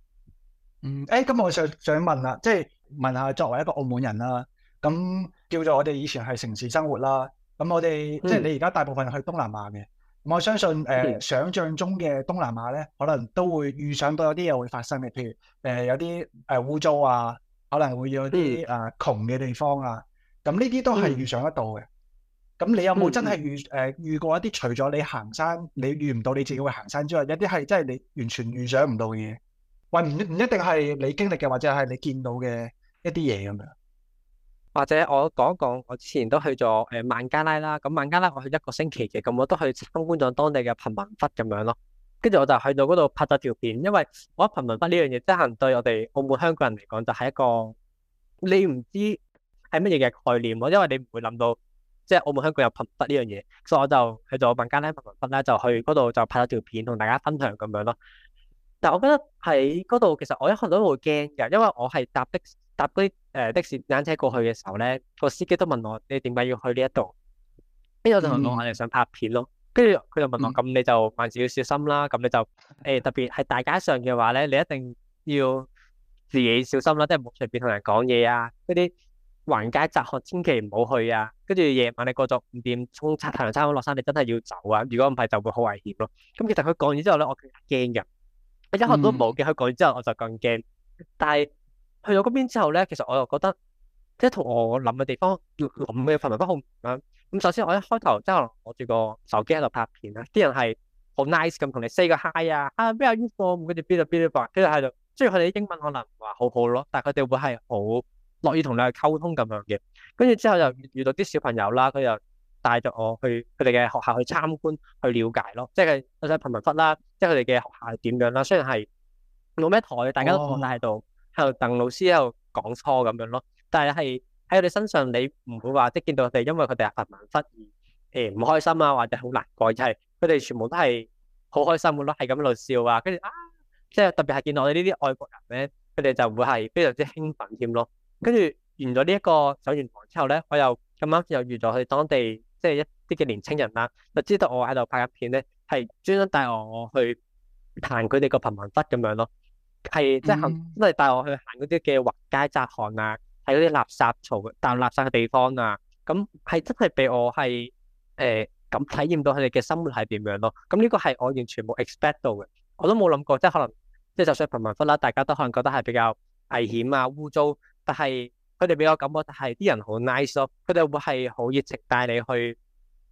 嗯，誒、欸、咁我想想問啦，即係問下作為一個澳門人啦、啊。咁叫做我哋以前係城市生活啦。咁我哋、嗯、即係你而家大部分去東南亞嘅，我相信誒、呃嗯、想像中嘅東南亞咧，可能都會預想到有啲嘢會發生嘅。譬如誒、呃、有啲誒污糟啊，可能會有啲誒、嗯啊、窮嘅地方啊。咁呢啲都係預想得到嘅。咁、嗯、你有冇真係遇誒、呃、遇過一啲，除咗你行山，你遇唔到你自己會行山之外，有啲係真係你完全預想唔到嘅嘢，喂唔唔一定係你經歷嘅，或者係你見到嘅一啲嘢咁樣。或者我講一講，我之前都去咗誒、呃、孟加拉啦。咁、嗯、孟加拉我去一個星期嘅，咁、嗯、我都去參觀咗當地嘅貧民窟咁樣咯。跟住我就去到嗰度拍咗條片，因為我覺得貧民窟呢樣嘢真係對我哋澳門香港人嚟講，就係一個你唔知係乜嘢嘅概念咯。因為你唔會諗到，即係澳門香港有貧民窟呢樣嘢，所以我就去咗孟加拉貧民窟咧，就去嗰度就拍咗條片，同大家分享咁樣咯。但我覺得喺嗰度，其實我一向都會驚嘅，因為我係搭的。搭嗰啲誒的士、單車過去嘅時候咧，個司機都問我：你點解要去呢一度？跟住我就同佢講：我哋想拍片咯。跟住佢就問我：咁你就萬事要小心啦。咁你就誒特別係大街上嘅話咧，你一定要自己小心啦，即係唔好隨便同人講嘢啊。嗰啲橫街窄巷千祈唔好去啊。跟住夜晚你過咗五點，衝出太陽差唔多落山，你真係要走啊。如果唔係就會好危險咯。咁其實佢講完之後咧，我更加驚嘅。我一向都冇驚，佢講完之後我就更驚。但係。去到嗰邊之後咧，其實我又覺得即係同我諗嘅地方要諗嘅貧民窟好咁樣。咁首先我一開頭即係攞住個手機喺度拍片啦，啲人係好 nice 咁同你 say 個 hi 啊啊，how are you doing？跟住 build a beautiful，跟住喺度。雖然佢哋英文可能話好好咯，但係佢哋會係好樂意同你去溝通咁樣嘅。跟住之後又遇到啲小朋友啦，佢又帶咗我去佢哋嘅學校去參觀去了解咯，即係佢哋嘅學校係點樣啦。雖然係冇咩台，大家都坐曬喺度。又鄧老師又講錯咁樣咯，但係喺我哋身上你，你唔會話即係見到佢哋，因為佢哋係貧民窟而誒唔開心啊，或者好難過，係佢哋全部都係好開心嘅咯，係咁喺度笑啊，跟住啊，即係特別係見到我哋呢啲外國人咧，佢哋就會係非常之興奮添咯。跟住完咗呢一個走完房之後咧，我又咁啱又遇咗佢哋當地即係一啲嘅年輕人啦，就知道我喺度拍嘅片咧係專登帶我去彈佢哋個貧民窟咁樣咯。係即係真係帶我去行嗰啲嘅橫街窄巷啊，喺嗰啲垃圾槽抌垃圾嘅地方啊，咁係真係俾我係誒咁體驗到佢哋嘅生活係點樣咯、啊。咁呢個係我完全冇 expect 到嘅，我都冇諗過，即係可能即係就算係貧民窟啦，大家都可能覺得係比較危險啊、污糟，但係佢哋俾我感覺，但係啲人好 nice 咯、啊，佢哋會係好熱情帶你去，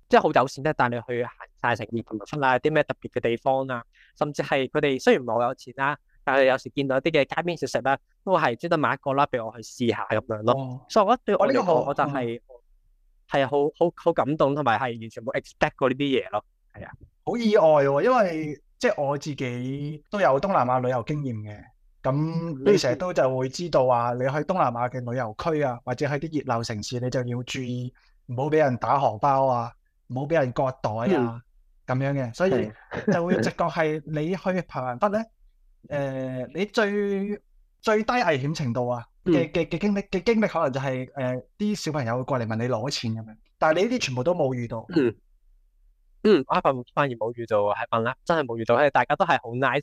即係好友善嘅，帶你去行晒成啲貧民窟啊，啲咩特別嘅地方啊，甚至係佢哋雖然冇有錢啦、啊。但係有時見到一啲嘅，街邊小食咧，都係專登買一個啦，俾我去試下咁樣咯。所以我對我呢、哦，這個我就係係好好好感動，同埋係完全冇 expect 過呢啲嘢咯。係啊，好意外、欸，因為即係我自己都有東南亞旅遊經驗嘅。咁你成日都就會知道啊，你去東南亞嘅旅遊區啊，或者喺啲熱鬧城市，你就要注意唔好俾人打荷包啊，唔好俾人割袋啊，咁、嗯、樣嘅。所以就會直覺係你去彭亨不咧？嗯嗯嗯誒、呃，你最最低危險程度啊嘅嘅嘅經歷嘅經歷，可能就係、是、誒、啲、呃、小朋友會過嚟問你攞錢咁樣，但係你呢啲全部都冇遇到。嗯，嗯 i p 反而冇遇到，係問啦，真係冇遇到，係大家都係好 nice，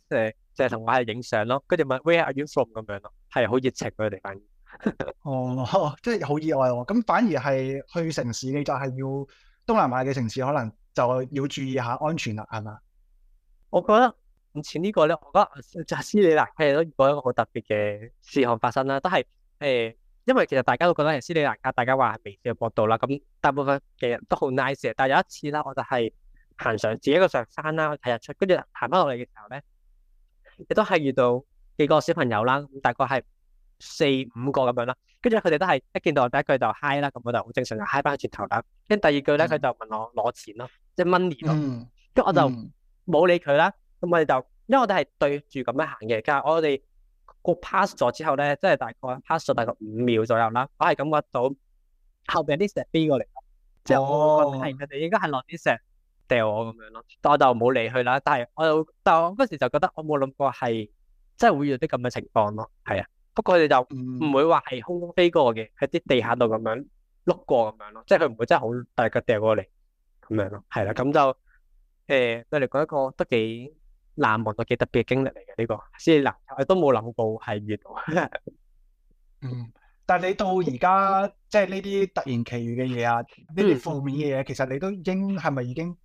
即係同我喺度影相咯，跟住問 Where are you from 咁樣咯，係好熱情佢哋反而。 [LAUGHS] 哦，即係好意外喎！咁反而係去城市，你就係、是、要東南亞嘅城市，可能就要注意下安全啦，係嘛？我覺得。咁前呢個咧，我覺得就係斯里蘭卡佢哋都遇過一個好特別嘅事項發生啦，都係誒，因為其實大家都覺得係斯里蘭卡，大家話係微笑國度啦。咁大部分其實都好 nice 嘅，但係有一次啦，我就係行上自己一個上山啦，睇日出，跟住行翻落嚟嘅時候咧，亦都係遇到幾個小朋友啦，大概係四五個咁樣啦。跟住佢哋都係一見到我第一句就 hi 啦，咁我就好正常就 hi 翻轉頭啦。跟第二句咧，佢就問我攞錢咯，即係 money 咯。跟住我就冇理佢啦。咁我哋就，因為我哋係對住咁樣行嘅，而家我哋個 pass 咗之後咧，即係大概 pass 咗大概五秒左右啦，我係感覺到後邊啲石飛過嚟，即係我係覺得係佢哋應該係落啲石掉我咁樣咯，但我就冇理佢啦。但係我就但嗰時就覺得我冇諗過係，即係會有啲咁嘅情況咯，係啊。不過佢哋就唔會話係空中飛過嘅，喺啲地下度咁樣碌過咁樣咯，即係佢唔會真係好大力咁掉過嚟咁樣咯，係啦。咁就誒對嚟講一個都幾。難忘個幾特別嘅經歷嚟嘅呢個，即係嗱，都冇諗到係遇到。嗯，但係你到而家，即係呢啲突然其餘嘅嘢啊，呢啲負面嘅嘢，其實你都已經係咪已經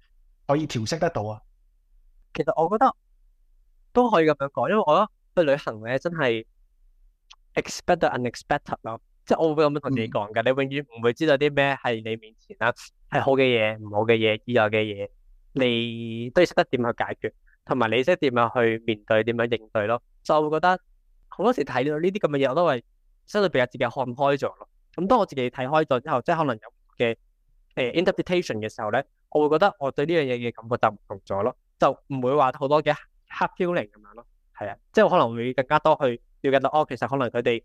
可以調適得到啊？其實我覺得都可以咁樣講，因為我覺得去旅行咧真係 expected unexpected 咯，即係我會咁樣同你講嘅，你永遠唔會知道啲咩係你面前啦，係好嘅嘢、唔好嘅嘢、意外嘅嘢，你都要識得點樣解決。同埋你識點樣去面對點樣應對咯，就會覺得好多時睇到呢啲咁嘅嘢，我都係相對比較自己看開咗咯。咁當我自己睇開咗之後，即係可能有嘅誒、欸、interpretation 嘅時候咧，我會覺得我對呢樣嘢嘅感覺就唔同咗咯，就唔會話好多嘅黑 feeling 咁樣咯。係啊，即係我可能會更加多去瞭解到，哦，其實可能佢哋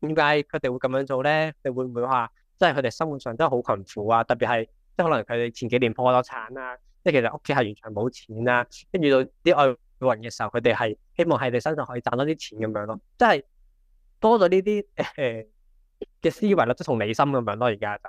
點解佢哋會咁樣做咧？你會唔會話即係佢哋生活上真係好困苦啊？特別係即係可能佢哋前幾年破咗產啊？即係其實屋企係完全冇錢啦、啊，跟住到啲外國人嘅時候，佢哋係希望喺你身上可以賺多啲錢咁樣咯、呃。即係多咗呢啲誒嘅思維啦，即同理心咁樣咯、啊。而家就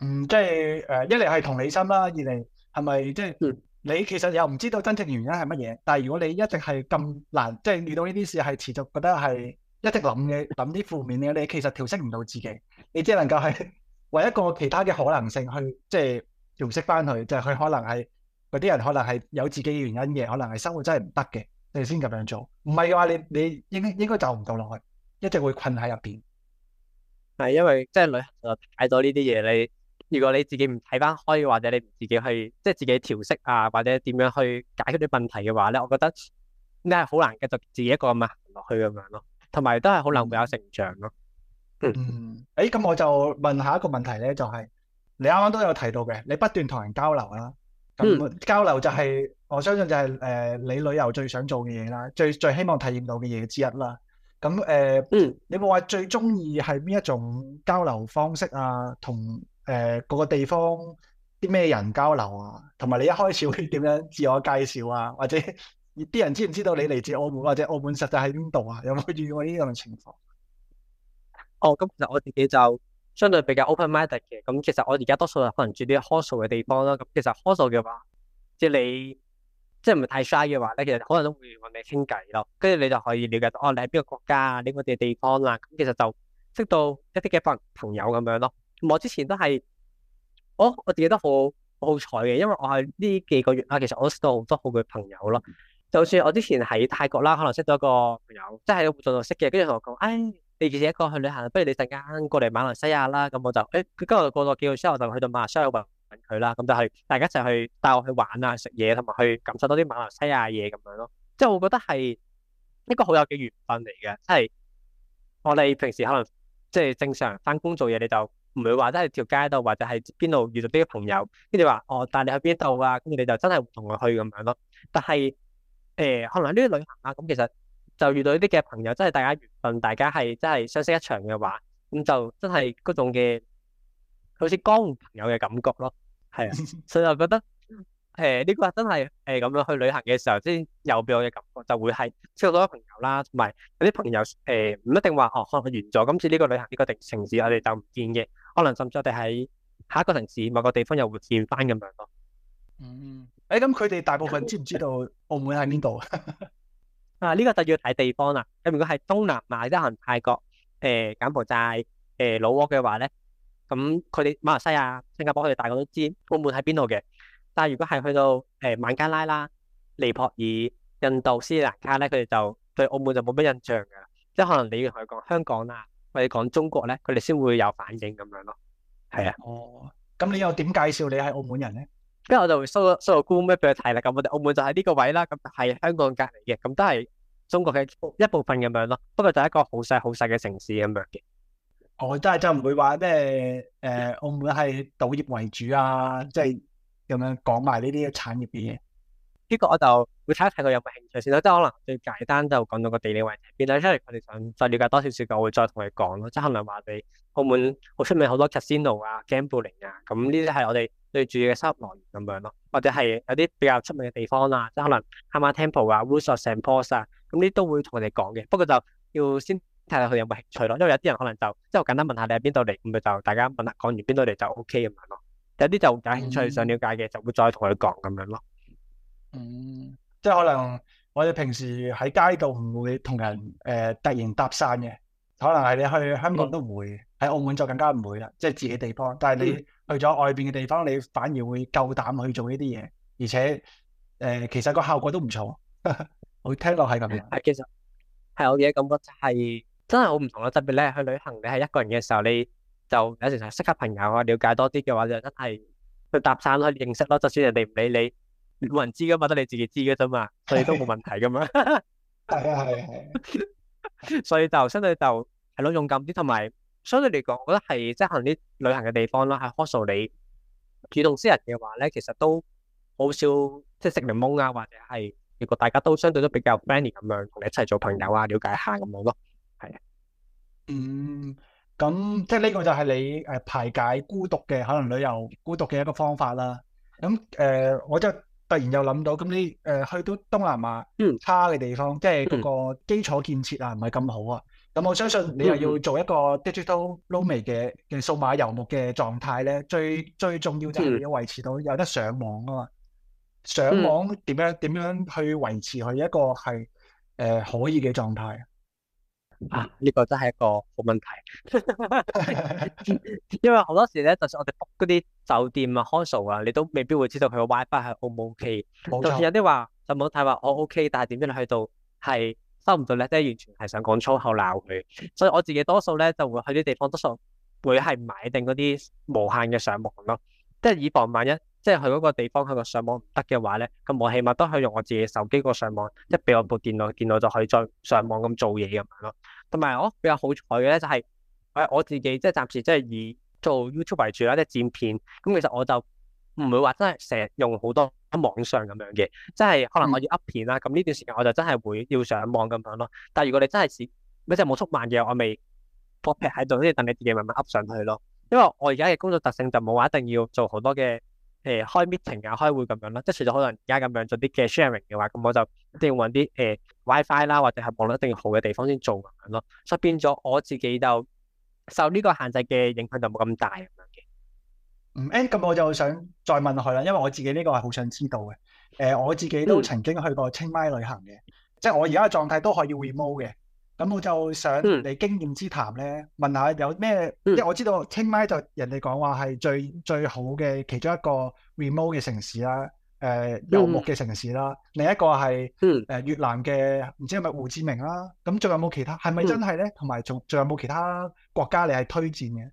嗯，即係誒，一嚟係同理心啦，二嚟係咪即係、嗯、你其實又唔知道真正原因係乜嘢？但係如果你一直係咁難，即、就、係、是、遇到呢啲事係持續覺得係一直諗嘅諗啲負面嘅，你其實調適唔到自己，你只能夠係為一個其他嘅可能性去即係。調適翻佢，就係佢可能係嗰啲人，可能係有自己嘅原因嘅，可能係生活真係唔得嘅，你先咁樣做。唔係嘅話，你你應應該就唔夠落去，一直會困喺入邊。係因為即係旅行就睇到呢啲嘢，你如果你自己唔睇翻開，或者你唔自己去即係自己調適啊，或者點樣去解決啲問題嘅話咧，我覺得你係好難繼續自己一個咁樣行落去咁樣咯。同埋都係好難會有成長咯。嗯，誒，咁我就問下一個問題咧，就係。你啱啱都有提到嘅，你不斷同人交流啦，咁交流就係、是嗯、我相信就係、是、誒、呃、你旅遊最想做嘅嘢啦，最最希望體驗到嘅嘢之一啦。咁誒，呃嗯、你冇話最中意係邊一種交流方式啊？同誒、呃、各個地方啲咩人交流啊？同埋你一開始會點樣自我介紹啊？或者啲人知唔知道你嚟自澳門或者澳門實際喺邊度啊？有冇遇過呢種情況？哦，咁其實我自己就。相對比較 open minded 嘅，咁其實我而家多數可能住啲 hostel 嘅地方啦。咁其實 hostel 嘅話，即係你即係唔係太 shy 嘅話咧，其實可能都會同你傾偈咯。跟住你就可以了解到哦，你喺邊個國家啊？呢個地地方啦。咁其實就識到一啲嘅朋友咁樣咯。我之前都係我、哦、我自己都好好彩嘅，因為我係呢幾個月啊，其實我都識到好多好嘅朋友咯。就算我之前喺泰國啦，可能識到一個朋友，即係喺度識嘅，跟住同我講，哎你以前一個去旅行，不如你陣間過嚟馬來西亞啦，咁我就誒，跟住過咗幾日之後就去到馬來西亞揾佢啦，咁就係大家一齊去帶我去玩啊，食嘢，同埋去感受多啲馬來西亞嘢咁樣咯。即係我覺得係一個好有嘅緣分嚟嘅，即係我哋平時可能即係正常翻工做嘢，你就唔會話都係條街度或者係邊度遇到啲朋友，跟住話哦帶你去邊度啊，跟住你就真係同佢去咁樣咯。但係誒，可能呢啲旅行啊，咁其實。就遇到呢啲嘅朋友，真係大家緣分，大家係真係相識一場嘅話，咁就真係嗰種嘅，好似江湖朋友嘅感覺咯。係啊，所以我就覺得，誒呢個真係誒咁樣去旅行嘅時候，先有俾我嘅感覺，就會係識到好多朋友啦，同埋有啲朋友誒，唔一定話哦，可能完咗今次呢個旅行呢個地城市，我哋就唔見嘅，可能甚至我哋喺下一個城市，某個地方又會見翻咁樣咯。嗯，誒咁佢哋大部分知唔知道澳門喺邊度啊？啊！呢個就要睇地方啦。咁如果係東南亞得行泰國、誒柬埔寨、誒老撾嘅話咧，咁佢哋馬來西亞、新加坡佢哋大概都知澳門喺邊度嘅。但係如果係去到誒孟加拉啦、尼泊爾、印度、斯里蘭卡咧，佢哋就對澳門就冇乜印象嘅。即係可能你要同佢講香港啦，或者講中國咧，佢哋先會有反應咁樣咯。係啊。哦。咁你又點介紹你係澳門人咧？跟住我就會收收個 Google Map 俾佢睇啦。咁我哋澳門就喺呢個位啦。咁係香港隔離嘅，咁都係。中國嘅一部分咁樣咯，不過就一個好細好細嘅城市咁樣嘅。我真係就唔會話咩誒，澳門係賭業為主啊，即係咁樣講埋呢啲產業嘅嘢。呢個我就會睇一睇佢有冇興趣先啦，即可能最簡單就講到個地理位置，變咗出嚟，我哋想再了解多少少嘅，我會再同佢講咯。即係可能話畀澳門好出名好多 casino 啊、gambling 啊，咁呢啲係我哋。最主要嘅收入來源咁樣咯，或者係有啲比較出名嘅地方啦，即係可能 A-Ma Temple 啊、Ruins of St. Paul's 啊，咁呢都會同佢哋講嘅。不過就要先睇下佢有冇興趣咯，因為有啲人可能就即係簡單問下你喺邊度嚟，咁咪就大家問下講完邊度嚟就 OK 咁樣咯。有啲就有興趣想了解嘅，就會再同佢講咁樣咯。嗯，即係可能我哋平時喺街度唔會同人誒突然搭訕嘅，可能係你去香港都會喺澳門就更加唔會啦，即係自己地方。但係你。去咗外邊嘅地方，你反而會夠膽去做呢啲嘢，而且誒，其實個效果都唔錯。我聽落係咁樣。係，其實係我嘅感覺，係真係好唔同咯。特別咧，去旅行，你係一個人嘅時候，你就有時就識下朋友啊，了解多啲嘅話，就真係去搭訕咯，去認識咯。就算人哋唔理你，冇人知噶嘛，得你自己知噶咋嘛，所以都冇問題噶嘛。係啊係啊，所以就相對就係咯，勇敢啲，同埋。相對嚟講，我覺得係即係可能啲旅行嘅地方啦，喺 hostel 你主動私人嘅話咧，其實都好少即係食檸檬啊，或者係如果大家都相對都比較 friendly 咁樣，同你一齊做朋友啊，了解下咁好咯。係啊嗯，咁即係呢個就係你誒排解孤獨嘅，可能旅遊孤獨嘅一個方法啦。咁誒，我就突然又諗到，咁你誒去到東南亞差嘅地方，即係嗰個基礎建設啊，唔係咁好啊。咁我相信你又要做一個 digital nomad 嘅嘅數碼游牧嘅狀態咧，最最重要就係要維持到有得上網啊嘛。上網點樣點、mm hmm. 樣去維持佢一個係誒、呃、可以嘅狀態啊？呢、這個真係一個好問題， [LAUGHS] [LAUGHS] 因為好多時咧，就算我哋 book 嗰啲酒店啊、console 啊，你都未必會知道佢個 WiFi 係 O 唔 OK。好好錯有啲話就冇太話我 OK，但係點樣去到係？收唔到咧，即係完全係想講粗口鬧佢，所以我自己多數咧就會去啲地方，多數會係買定嗰啲無限嘅上網咯，即係以防萬一，即係去嗰個地方佢個上網唔得嘅話咧，咁我起碼都可以用我自己手機個上網，即係俾我部電腦，電腦就可以再上網咁做嘢咁樣咯。同埋我比較好彩嘅咧，就係我我自己即係暫時即係以做 YouTube 為主啦，即係剪片，咁其實我就唔會話真係成日用好多。喺網上咁樣嘅，即係可能我要 up 片啦。咁呢、嗯、段時間我就真係會要上網咁樣咯。但係如果你真係是，就冇速慢嘅，我未 c o p 喺度，都要等你自己慢慢 up 上去咯。因為我而家嘅工作特性就冇話一定要做好多嘅誒開 meeting 啊、開會咁樣咯。即係除咗可能而家咁樣做啲嘅 sharing 嘅話，咁我就一定要揾啲誒、欸、WiFi 啦，或者係網絡一定要好嘅地方先做咁咯。所以變咗我自己就受呢個限制嘅影響就冇咁大。唔，哎、嗯，咁我就想再問佢啦，因為我自己呢個係好想知道嘅。誒、呃，我自己都曾經去過清邁旅行嘅，嗯、即係我而家嘅狀態都可以 remote 嘅。咁我就想、嗯、你經驗之談咧，問下有咩？即、嗯、因為我知道清邁就人哋講話係最最好嘅其中一個 remote 嘅城市啦，誒、呃、遊牧嘅城市啦。嗯、另一個係誒、呃、越南嘅，唔知係咪胡志明啦？咁仲有冇其他？係咪真係咧？同埋仲仲有冇其他國家你係推薦嘅？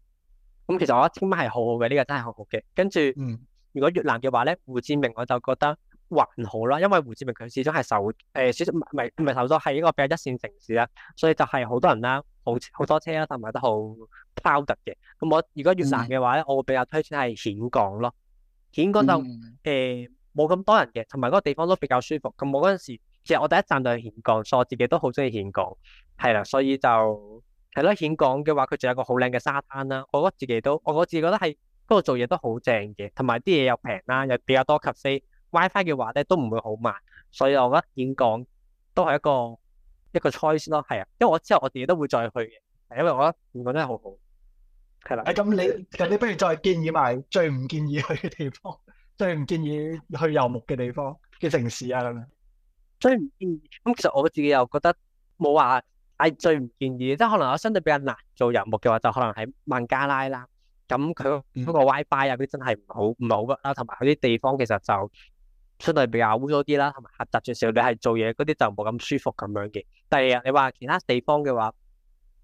咁其實我清邁係好好嘅，呢個真係好好嘅。跟住，如果越南嘅話咧，胡志明我就覺得還好啦，因為胡志明佢始終係首，誒，始終唔係唔係首都，係一個比較一線城市啦，所以就係好多人啦，好好多車啦，同埋都好拋特嘅。咁我如果越南嘅話咧，我會比較推薦係峴港咯，峴港就誒冇咁多人嘅，同埋嗰個地方都比較舒服。咁我嗰陣時，其實我第一站就係峴港，所以我自己都好中意峴港，係啦，所以就。係咯，岘港嘅話，佢仲有一個好靚嘅沙灘啦。我覺得自己都，我自己覺得係嗰度做嘢都好正嘅，同埋啲嘢又平啦，又比較多咖啡。WiFi 嘅話咧，都唔會好慢。所以我覺得岘港都係一個一個 choice 咯。係啊，因為我之後我自己都會再去嘅，係因為我覺得岘港真係好好。係啦，咁、啊、你咁你不如再建議埋最唔建議去嘅地方，最唔建議去游牧嘅地方嘅城市啊咁樣。最唔建議，咁、嗯、其實我自己又覺得冇話。係最唔建議，即係可能我相對比較難做任務嘅話，就可能喺孟加拉啦。咁佢嗰個 WiFi 啊，嗰啲真係唔好，唔好㗎。同埋佢啲地方其實就相對比較污糟啲啦，同埋狹窄少少，你係做嘢嗰啲就冇咁舒服咁樣嘅。但係你話其他地方嘅話，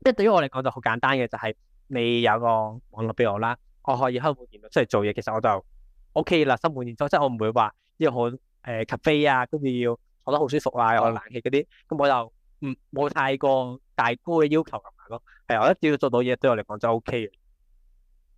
即係對於我嚟講就好簡單嘅，就係你有個網絡俾我啦，我可以開部電腦出嚟做嘢。其實我就 O K 啦，心滿意足。即係我唔會話要好誒 cafe 啊，跟住要坐得好舒服啊，有冷氣嗰啲。咁我就。嗯，冇太過大嘅要求咁樣咯。係啊，我覺得只要做到嘢，對我嚟講就 O K 嘅。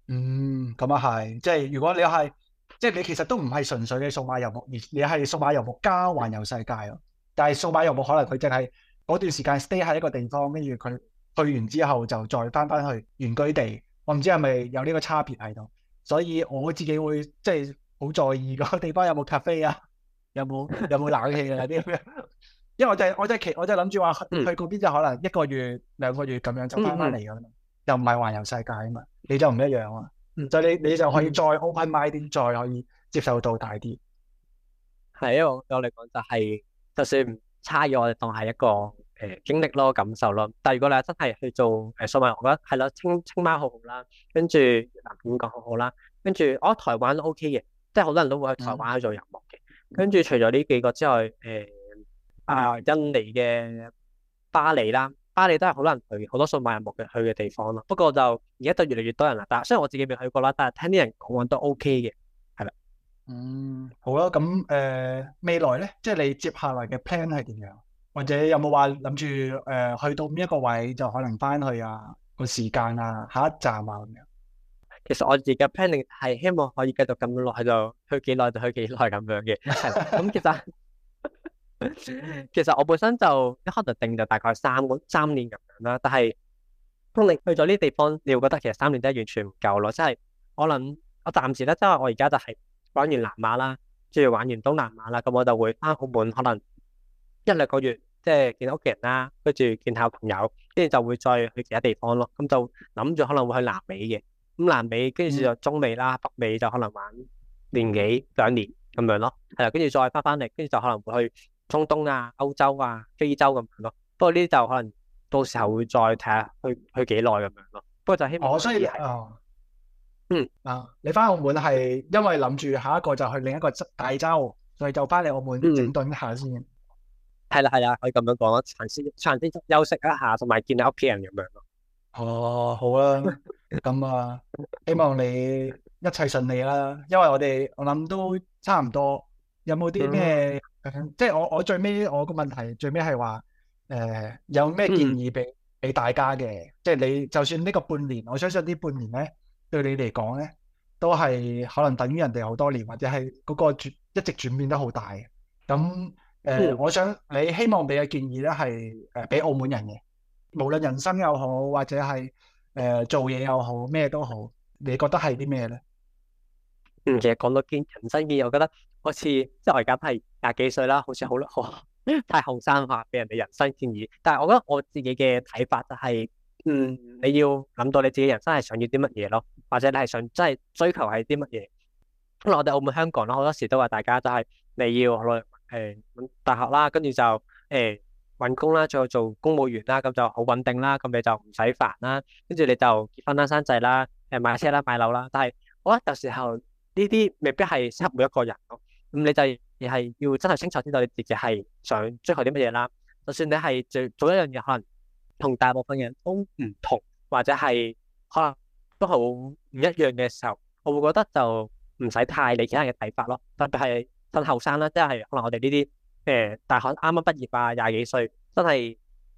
嗯，咁啊係，即係如果你係，即係你其實都唔係純粹嘅數碼遊牧，而你係數碼遊牧加環遊世界咯。但係數碼遊牧可能佢淨係嗰段時間 stay 喺一個地方，跟住佢去完之後就再翻翻去原居地。我唔知係咪有呢個差別喺度，所以我自己會即係好在意個地方有冇 cafe 啊，有冇有冇冷氣啊啲咁樣。 [LAUGHS] [LAUGHS] 因為我就係我就係其我就係諗住話去去嗰邊就可能一個月兩個月咁樣就翻翻嚟咁，嗯、又唔係環遊世界啊嘛，你就唔一樣啊，就你你就可以再 open mind，嗯、再可以接受到大啲。係，因為我我嚟講就係，是，就算唔差嘅我哋當係一個誒、呃、經歷咯感受咯。但係如果你真係去做誒數碼，呃、我覺得係咯清清邁好好啦，跟住嗱越南好好啦，跟住我覺得台灣都 OK 嘅，即係好多人都會去台灣做遊牧嘅。跟住、嗯嗯、除咗呢幾個之外，誒、呃。啊，印尼嘅巴厘啦，巴厘都係好多人去，好多數碼遊牧嘅去嘅地方咯。不過就而家就越嚟越多人啦。但雖然我自己未去過啦，但聽啲人講都 OK 嘅，係啦。嗯，好啦，咁誒、呃、未來咧，即係你接下來嘅 plan 係點樣？或者有冇話諗住誒去到呢一個位就可能翻去啊？個時間啊，下一站啊咁樣。其實我自己嘅 plan 係希望可以繼續咁落去，就去幾耐就去幾耐咁樣嘅，係咁其實～ [LAUGHS] [LAUGHS] 其實我本身就一開始定就大概三三年咁樣啦，但係當你去咗呢地方，你會覺得其實三年都係完全唔夠咯，即係可能我暫時咧，即係我而家就係玩完南馬啦，跟住玩完東南亞啦，咁我就會返澳門，可能一兩個月即係見到屋企人啦，跟住見下朋友，跟住就會再去其他地方咯，咁就諗住可能會去南美嘅，咁南美跟住就中美啦，北美就可能玩年幾兩年咁樣咯，係啦，跟住再翻翻嚟，跟住就可能會去。中東啊、歐洲啊、非洲咁樣咯。不過呢啲就可能到時候會再睇下，去去幾耐咁樣咯。不過就希望哦，所以係，哦、嗯啊，你翻澳門係因為諗住下一個就去另一個大洲，所以就翻嚟澳門整頓一下先。係啦係啦，可以咁樣講咯。暫時暫時休息一下，同埋見到屋企人咁樣咯。哦，好啦，咁啊、 [LAUGHS] 嗯，希望你一切順利啦。因為我哋我諗都差唔多。有冇啲咩？即係我我最尾，我個問題最尾係話誒有咩建議俾俾大家嘅？即係你就算呢個半年，我相信呢半年咧，對你嚟講咧，都係可能等於人哋好多年，或者係嗰個轉一直轉變得好大。咁、嗯、誒、呃，我想你希望俾嘅建議咧係誒俾澳門人嘅，無論人生又好，或者係誒、呃、做嘢又好，咩都好，你覺得係啲咩咧？嗯，其實講到見人生嘅，我覺得。好似即係我而家都係廿幾歲啦，好似好太後生話俾人哋人生建議。但係我覺得我自己嘅睇法就係，嗯，你要諗到你自己人生係想要啲乜嘢咯，或者你係想真係追求係啲乜嘢。咁我哋澳門香港咯，好多時都話大家都係你要去誒揾大學啦，跟住就誒揾工啦，再做公務員啦，咁就好穩定啦，咁你就唔使煩啦，跟住你就結婚啦、生仔啦、誒買車啦、買樓啦。但係我覺得有時候呢啲未必係適合每一個人咯。你就亦係要真係清楚知道你自己係想追求啲乜嘢啦。就算你係做做一樣嘢，可能同大部分人都唔同，或者係可能都好唔一樣嘅時候，我會覺得就唔使太理其他人嘅睇法咯。特別係趁後生啦，即係可能我哋呢啲誒大學啱啱畢業啊，廿幾歲，真係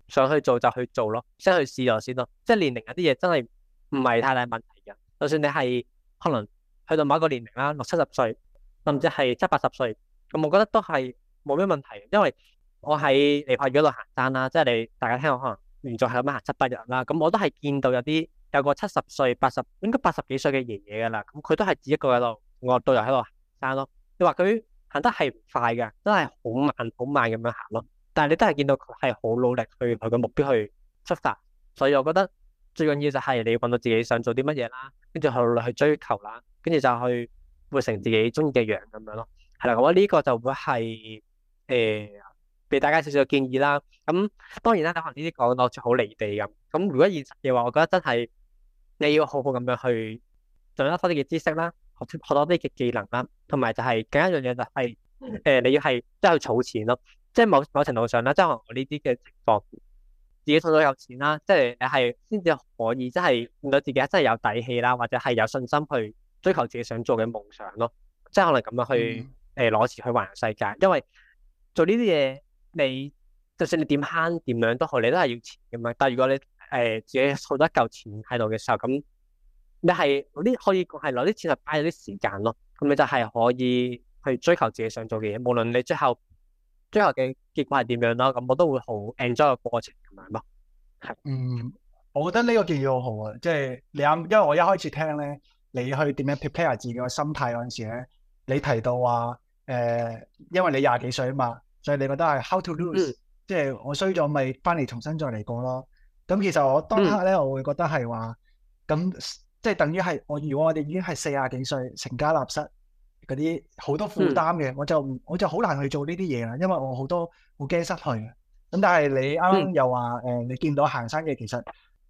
想去做就去做咯，想去試就去試咯。即係年齡嗰啲嘢真係唔係太大問題嘅。就算你係可能去到某一個年齡啦，六七十歲。甚至係七八十歲，咁我覺得都係冇咩問題，因為我喺尼泊爾嗰度行山啦，即係你大家聽我可能連續係咁行七八日啦，咁我都係見到有啲有個七十歲、八十應該八十幾歲嘅爺爺㗎啦，咁佢都係自己一個喺度，我導遊喺度行山咯。你話佢行得係唔快㗎，都係好慢好慢咁樣行咯。但係你都係見到佢係好努力去佢嘅目標去出發，所以我覺得最緊要就係你要揾到自己想做啲乜嘢啦，跟住去努力去追求啦，跟住就去。會成自己中意嘅樣咁樣咯，係啦，我覺得呢個就會係誒俾大家少少建議啦。咁、嗯、當然啦、啊，可能呢啲講到就好離地咁。咁、嗯、如果現實嘅話，我覺得真係你要好好咁樣去掌握多啲嘅知識啦，學多啲嘅技能啦，同埋就係更加重要嘅樣嘢就係誒你要係真係儲錢咯。即係某某程度上啦，即係可能呢啲嘅情況，自己儲到有錢啦，即係你係先至可以真係令到自己真係有底氣啦，或者係有信心去，追求自己想做嘅夢想咯，即係可能咁樣去誒攞、嗯呃、錢去環遊世界，因為做呢啲嘢你就算你點慳點樣都好，你都係要錢噶嘛。但係如果你誒、呃、自己儲得夠錢喺度嘅時候，咁你係啲可以係攞啲錢去擺咗啲時間咯。咁你就係可以去追求自己想做嘅嘢，無論你最後最後嘅結果係點樣咯，咁我都會好 enjoy 個過程噶嘛。係，嗯，我覺得呢個建議好啊，即係你、啊，因為我一開始聽咧。你去點樣 prepare 自己個心態嗰陣時咧？你提到話誒、呃，因為你廿幾歲啊嘛，所以你覺得係 how to lose，嗯、即係我衰咗咪翻嚟重新再嚟過咯。咁其實我當刻咧，嗯、我會覺得係話咁，即係等於係我如果我哋已經係四廿幾歲成家立室嗰啲好多負擔嘅、嗯，我就唔，我就好難去做呢啲嘢啦，因為我好多好驚失去嘅。咁但係你啱啱又話誒、呃，你見到行山嘅，其實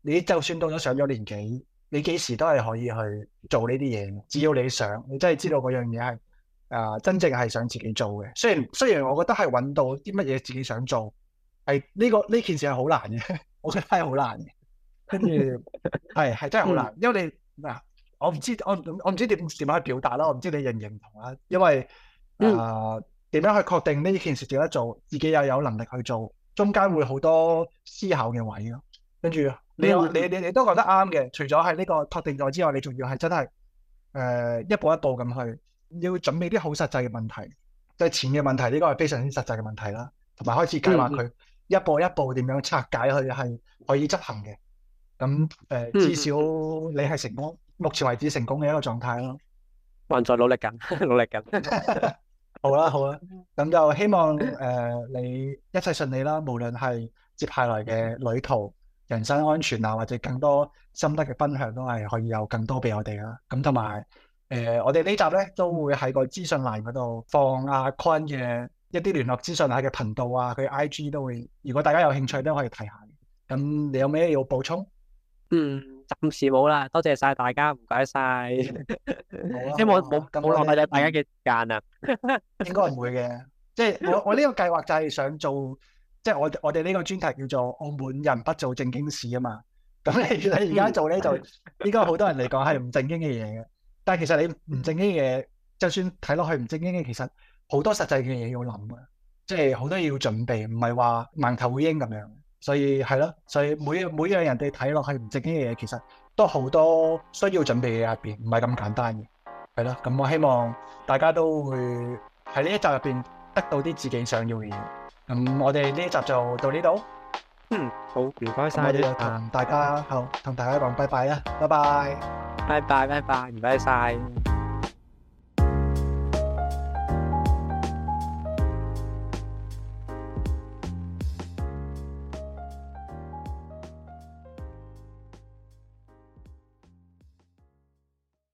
你就算到咗上咗年紀。你幾時都係可以去做呢啲嘢，只要你想，你真係知道嗰樣嘢係啊，真正係想自己做嘅。雖然雖然我覺得係揾到啲乜嘢自己想做，係呢個呢件事係好難嘅，我覺得係好難嘅。跟住係係真係好難，因為你嗱，我唔知我我唔知點點樣去表達啦。我唔知你認唔認同啊？因為啊，點樣去確定呢件事值得做，自己又有能力去做，中間會好多思考嘅位咯。跟住，你你你你都覺得啱嘅。除咗係呢個確定咗之外，你仲要係真係誒一步一步咁去，要準備啲好實際嘅問題，即係錢嘅問題，呢個係非常之實際嘅問題啦。同埋開始計劃佢一步一步點樣拆解，佢係可以執行嘅。咁誒，至少你係成功，目前為止成功嘅一個狀態咯。還在努力緊，努力緊。好啦，好啦，咁就希望誒你一切順利啦。無論係接下來嘅旅途。人身安全啊，或者更多心得嘅分享都係可以有更多俾我哋啦，啊。咁同埋，誒、呃，我哋呢集咧都會喺個資訊欄嗰度放阿 Coin 嘅一啲聯絡資訊下嘅頻道啊，佢 I G 都會。如果大家有興趣咧，可以睇下。咁你有咩要補充？嗯，暫時冇啦。多謝晒大家，唔該晒。 [LAUGHS] 吧希望冇咁浪費晒大家嘅時間啊！ [LAUGHS] 應該唔會嘅，即係我我呢個計劃就係想做。即係我我哋呢個專題叫做澳門人不做正經事啊嘛，咁你你而家做咧就 [LAUGHS] 應該好多人嚟講係唔正經嘅嘢嘅，但係其實你唔正經嘅嘢，就算睇落去唔正經嘅，其實好多實際嘅嘢要諗嘅，即係好多嘢要準備，唔係話盲頭烏蠅咁樣，所以係咯，所以每樣每樣人哋睇落去唔正經嘅嘢，其實都好多需要準備嘅入邊，唔係咁簡單嘅，係咯，咁我希望大家都會喺呢一集入邊得到啲自己想要嘅嘢。咁、嗯、我哋呢一集就到呢度。嗯，好，唔該晒你，同我謝大家好，同大家講拜拜啦，拜拜，拜拜，拜拜，唔該晒。謝謝。